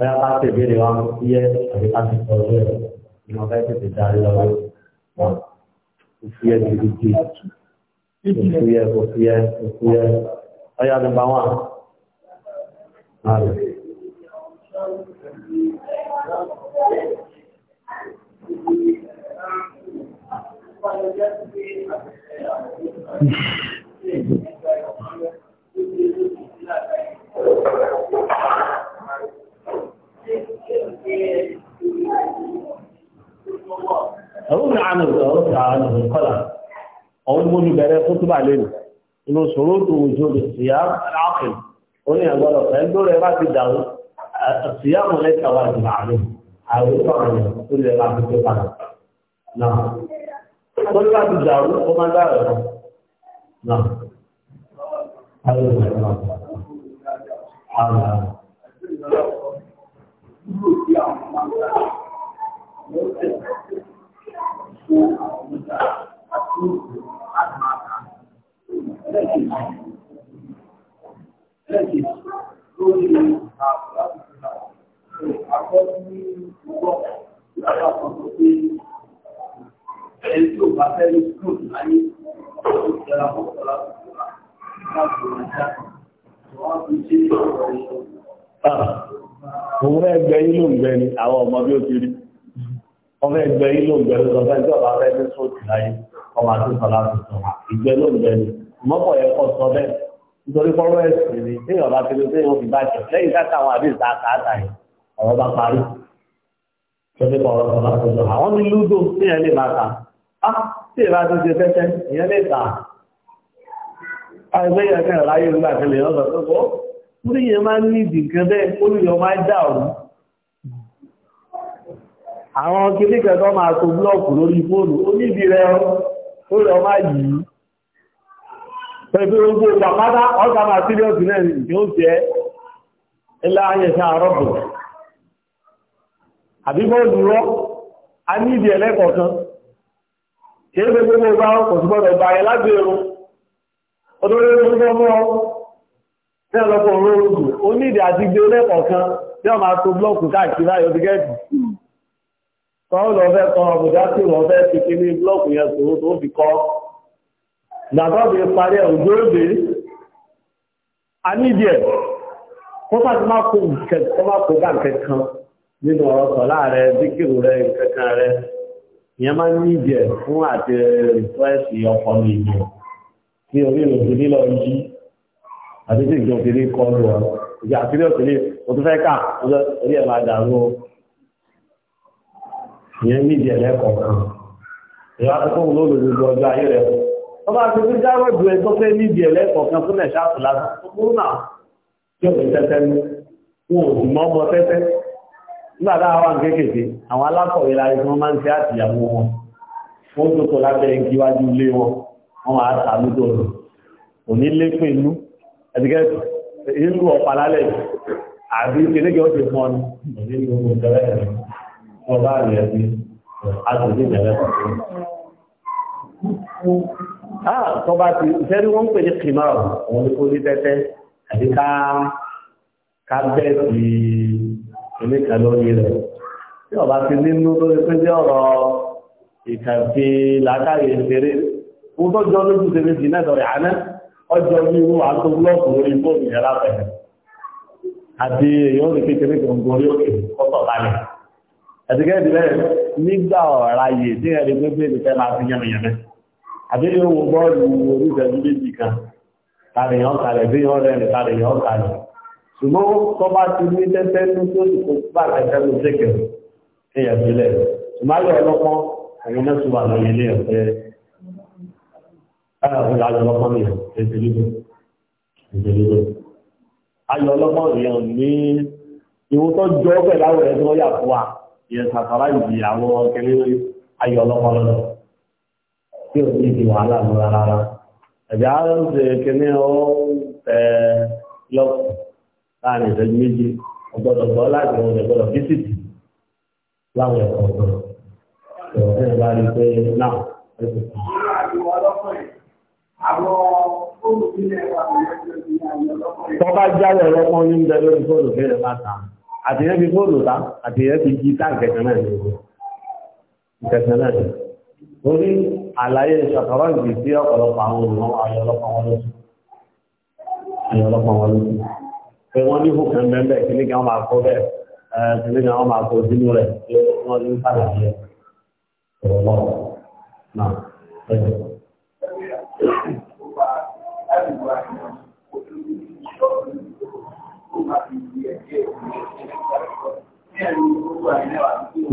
bóyá bá ti béèrè wa kó sí ẹ àbí ká ti sọ ọdún ẹ ìmọ̀ bá tètè darí lọ́wọ́ wọn kò sí ẹ ní ìdíje kò sí ẹ kò sí ẹ kò sí ẹ ọyá nọ́mbà wà Thank you. ẹ̀rùn àánú ọ̀rọ̀ àánú ìkọlà ọ̀hún mójú bẹ̀rẹ̀ fún túbà lẹ́nu inú ṣòro tó wùjọ lè síyá láàfin oní ẹ̀gbọ́dọ̀ fẹ́ lórí ẹ̀bá ti dàrú síyá mọ̀ lẹ́ta wà jù láàrin àwọn ìtọ́nà yẹn tó lè ra wúlò sí àwọn ọmọdé lọ́sẹ̀ fún àwọn ọmọdé àti òkú àgbàkà lẹ́kẹ̀ẹ́ lẹ́kẹ̀ẹ́ lórí àbúrò àkọ́kọ́ ní gbogbo ìgbàgbà kan tó pé ẹni tí ò bá fẹ́ ní kúrò láyé ó jẹra mọ́kànlá tó wà nígbà tó wà jáde wọ́n á fi ṣe é lọ́wọ́ ìṣòro. Ah, òun ẹgbẹ́ yìí ló ń gbẹ ni àwọn ọmọ bí ó ti rí. Ọmọ ẹgbẹ́ yìí ló ń gbẹ ló sọ fẹ́ tí ọba fẹ́ ní sóòtù láyé ọmọ àti sọ láti sọ. Ìgbẹ́ ló ń gbẹ ni. Mọ́pọ̀ yẹ kọ́ sọ bẹ́ẹ̀. Nítorí pọ́nrọ́ ẹ̀sìn ni tí ọba ti lè tí ó fi bá jẹ. Lẹ́yìn káka àwọn àbí ìta àtàtà yìí, ọ̀rọ̀ bá parí. Ṣọ́dé pọ̀rọ̀ sọ láti sọ. Àwọn ní lúdò tí lè máa orí yẹn máa ń ní ìdìkan bẹ́ẹ̀ olùyọ máa dà ọ̀rọ̀ àwọn kìlí kẹ́kọ́ máa tó blọ́ọ̀kù lórí fóònù oníbi rẹ̀ olùyọ máa yìí pẹ̀lú máa náà ní àrọ́bù àbí a ní ìdí ẹlẹ́kọ̀ọ̀kan kí é gbogbo ọgbà ọkọ̀ tó gbà ẹ lágbèrò ọdún ní ọlọ́pọ̀ olóògùn ó ní ìdí àti gbé lẹ́kọ̀ọ̀kan tí wọ́n máa tó blọ́ọ̀kù káàkiri láyé ọdún gẹ́ẹ̀dì kan lọ fẹ́ kan ọ̀bùdá sí lọ fẹ́ ti kí ní blọ́ọ̀kù yẹn sòrò tó fi kọ́ gbàgbọ́ bí parí ẹ̀ òjò òde a nídìí ẹ̀ kó bá ti máa kó nǹkan kan nínú ọ̀rọ̀ sọ̀lá rẹ̀ díkìrù rẹ̀ kankan rẹ̀ ìyẹn máa ń nídìí ẹ̀ fún àti rìfúẹ́sì ọkọ̀ mi ìlú tí orí òjò nílọ yìí àti tí ìjọ òkèlè kọ́ lù wọn ìjà àtìlẹ̀ òkèlè o tó fẹ́ kà orí ẹ̀ máa dàrú o ìyẹn ní ìdí ẹ̀lẹ́kọ̀ọ́ kan ìyá akókò ló lò lójú ọjọ́ ayé rẹ̀ wọ́n bá ti fi dáwọ́ ìbú ẹ tó fẹ́ ní ìdí ẹ̀lẹ́kọ̀ọ́ kan fún ẹ̀ṣá àtìláṣà tó kúrú náà tí ò tẹ́tẹ́ ní wọn ò sì mọ́ ọmọ tẹ́tẹ́ nígbà tá a wà kéékèèké àwọn alákọ̀wé la rí wọ́n máa ń ṣe àtìyàwó wọn wọ́n tó kọ lábẹ́ igi wájú ilé wọn wọ́n máa ta lódò rẹ̀ òní lé pẹ̀lú ẹ̀dìgẹ́ ìlú ọ̀pá lálẹ́ àbí kìnnìkì ọ̀sẹ̀ fún ọ ní ìlú ìjọba ẹ̀rọ ọba rẹ̀ ẹ̀bí àtúndì ìjọba ẹ̀rọ. a tọba ti ìfẹ́ ni wọ́n ń pè ní kìmọ̀ òun ni kò ní tẹ́tẹ́ àbí ká ká bẹ́ẹ̀ sí kìnnìkà lórí rẹ̀ tí ọba ti nínú lórí pé jẹ́ ọ̀rọ̀ ìkàfé làákàyè ìṣeré. mo tọ́jú ọlójú tèmi sí náà ọjọ́ wíwú àtò búlọ́ọ̀kù lórí fóònù yẹn lábẹ́rẹ́ àti èèyàn ò lè kékeré gbòǹgbò orí òkè kọ́tọ̀ balẹ̀ ẹ̀sìnkẹ́ẹ̀dì rẹ̀ nígbà ọ̀rá yìí tí ẹ̀rí pé pé ìfẹ́ máa fi yẹnu yẹn àti ní ohun bọ́ọ̀lù oríṣẹ́jú méjì kan tàbí yàn kalẹ̀ bí yàn rẹ̀ tàbí yàn kalẹ̀ ṣùgbọ́n tó bá ti ní tẹ́tẹ́ ní tó ìkó bá tẹ́tẹ́ ló ṣèkè ẹ̀yà sílẹ̀ ṣùgbọ́n ayọ̀ ọlọ́pọ̀ ẹ̀yìn mẹ́sùn wà lórí ilé ẹ̀fẹ́ ọ̀rọ̀ ah, ayọ̀ ọlọ́pọ̀ nìyẹn ẹ̀sẹ̀lẹ́gbẹ̀ ẹ̀sẹ̀lẹ́gbẹ̀ ayọ̀ ọlọ́pọ̀ nìyẹn ní ìwọ́n tó jọ ọ́ pẹ̀lú àwọn ẹ̀sìn ọ̀yà fún wa ìyẹn sàtàrà ìdí àwọn kẹlẹ́ ayọ̀ ọlọ́pọ̀ lọ́dọ̀ tí ò ní ti wàhálà mú rárá ẹ̀jẹ̀ á ń ṣe kíní ó tẹ̀ lọ́pù láàrin ìṣẹ́jú méjì Tọ́ba jáwẹ̀ ọlọ́mọ ní ń bẹ lórí fóònù fẹ́rẹ̀ láta. Àtìyẹ́ fi fóònù tá, àtìyẹ́ fi jí tá ìkẹ̀kẹ̀ náà ni. Ìkẹ̀kẹ̀ náà ni. Orí àlàyé ṣàkọ̀rọ̀ ìgbì sí ọ̀pọ̀lọpọ̀ àwọn olùmọ̀ ayọ̀lọ́pọ̀ wọn lóṣù. Ayọ̀lọ́pọ̀ wọn lóṣù. Pé wọ́n ní hùkàn mẹ́mbẹ́ kìíní kan máa kó bẹ́ẹ̀, kìíní kan máa kó sínú rẹ̀ tí wọ́n ti ń sàlàyé. Ọ̀rọ̀ náà. Náà.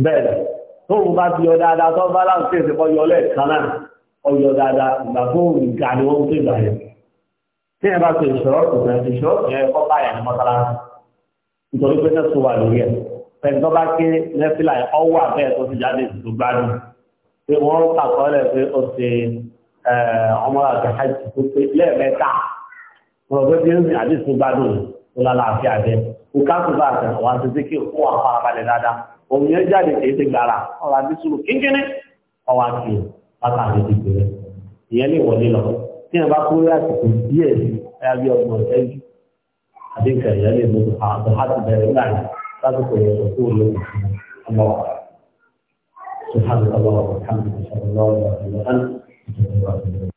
bẹ́ẹ̀ tó ń bá ti yọ dáadáa tó bá láti ṣe ìṣẹ́kọ́ yọ lẹ́ẹ̀kan náà ọyọ dáadáa ìgbà tó ń ga ni wọ́n ń pè báyìí tí ẹ bá ṣe ìṣòro kò fẹ́ ṣe ìṣòro yẹn kọ́ báyà ní mọ́sálásí nítorí pé nẹ́sùn wà lórí ẹ̀ pẹ̀lú tó bá ké nẹ́fìlà tó lálàáfíà jẹ kò káàkó bá àtẹ àwọn àtẹsẹ kí ó wà farabalẹ̀ dáadáa òun yẹn jáde kì í ti gbàrà ọ̀rọ̀ àti sùúrù kínkínní ọwọ́ àti bàtà àti ìdìbò rẹ ìyẹn lè wọlé lọ tí wọn bá kó rí àsìkò díẹ̀ sí ẹyà bí ọgbọ̀n ìṣẹ́jú àti nǹkan ìyẹn lè mú àwọn àti bẹ̀rẹ̀ láàyè lásìkò yẹn tó kó lóun ọmọ wa. سبحانك اللهم وبحمدك اشهد ان لا اله الا انت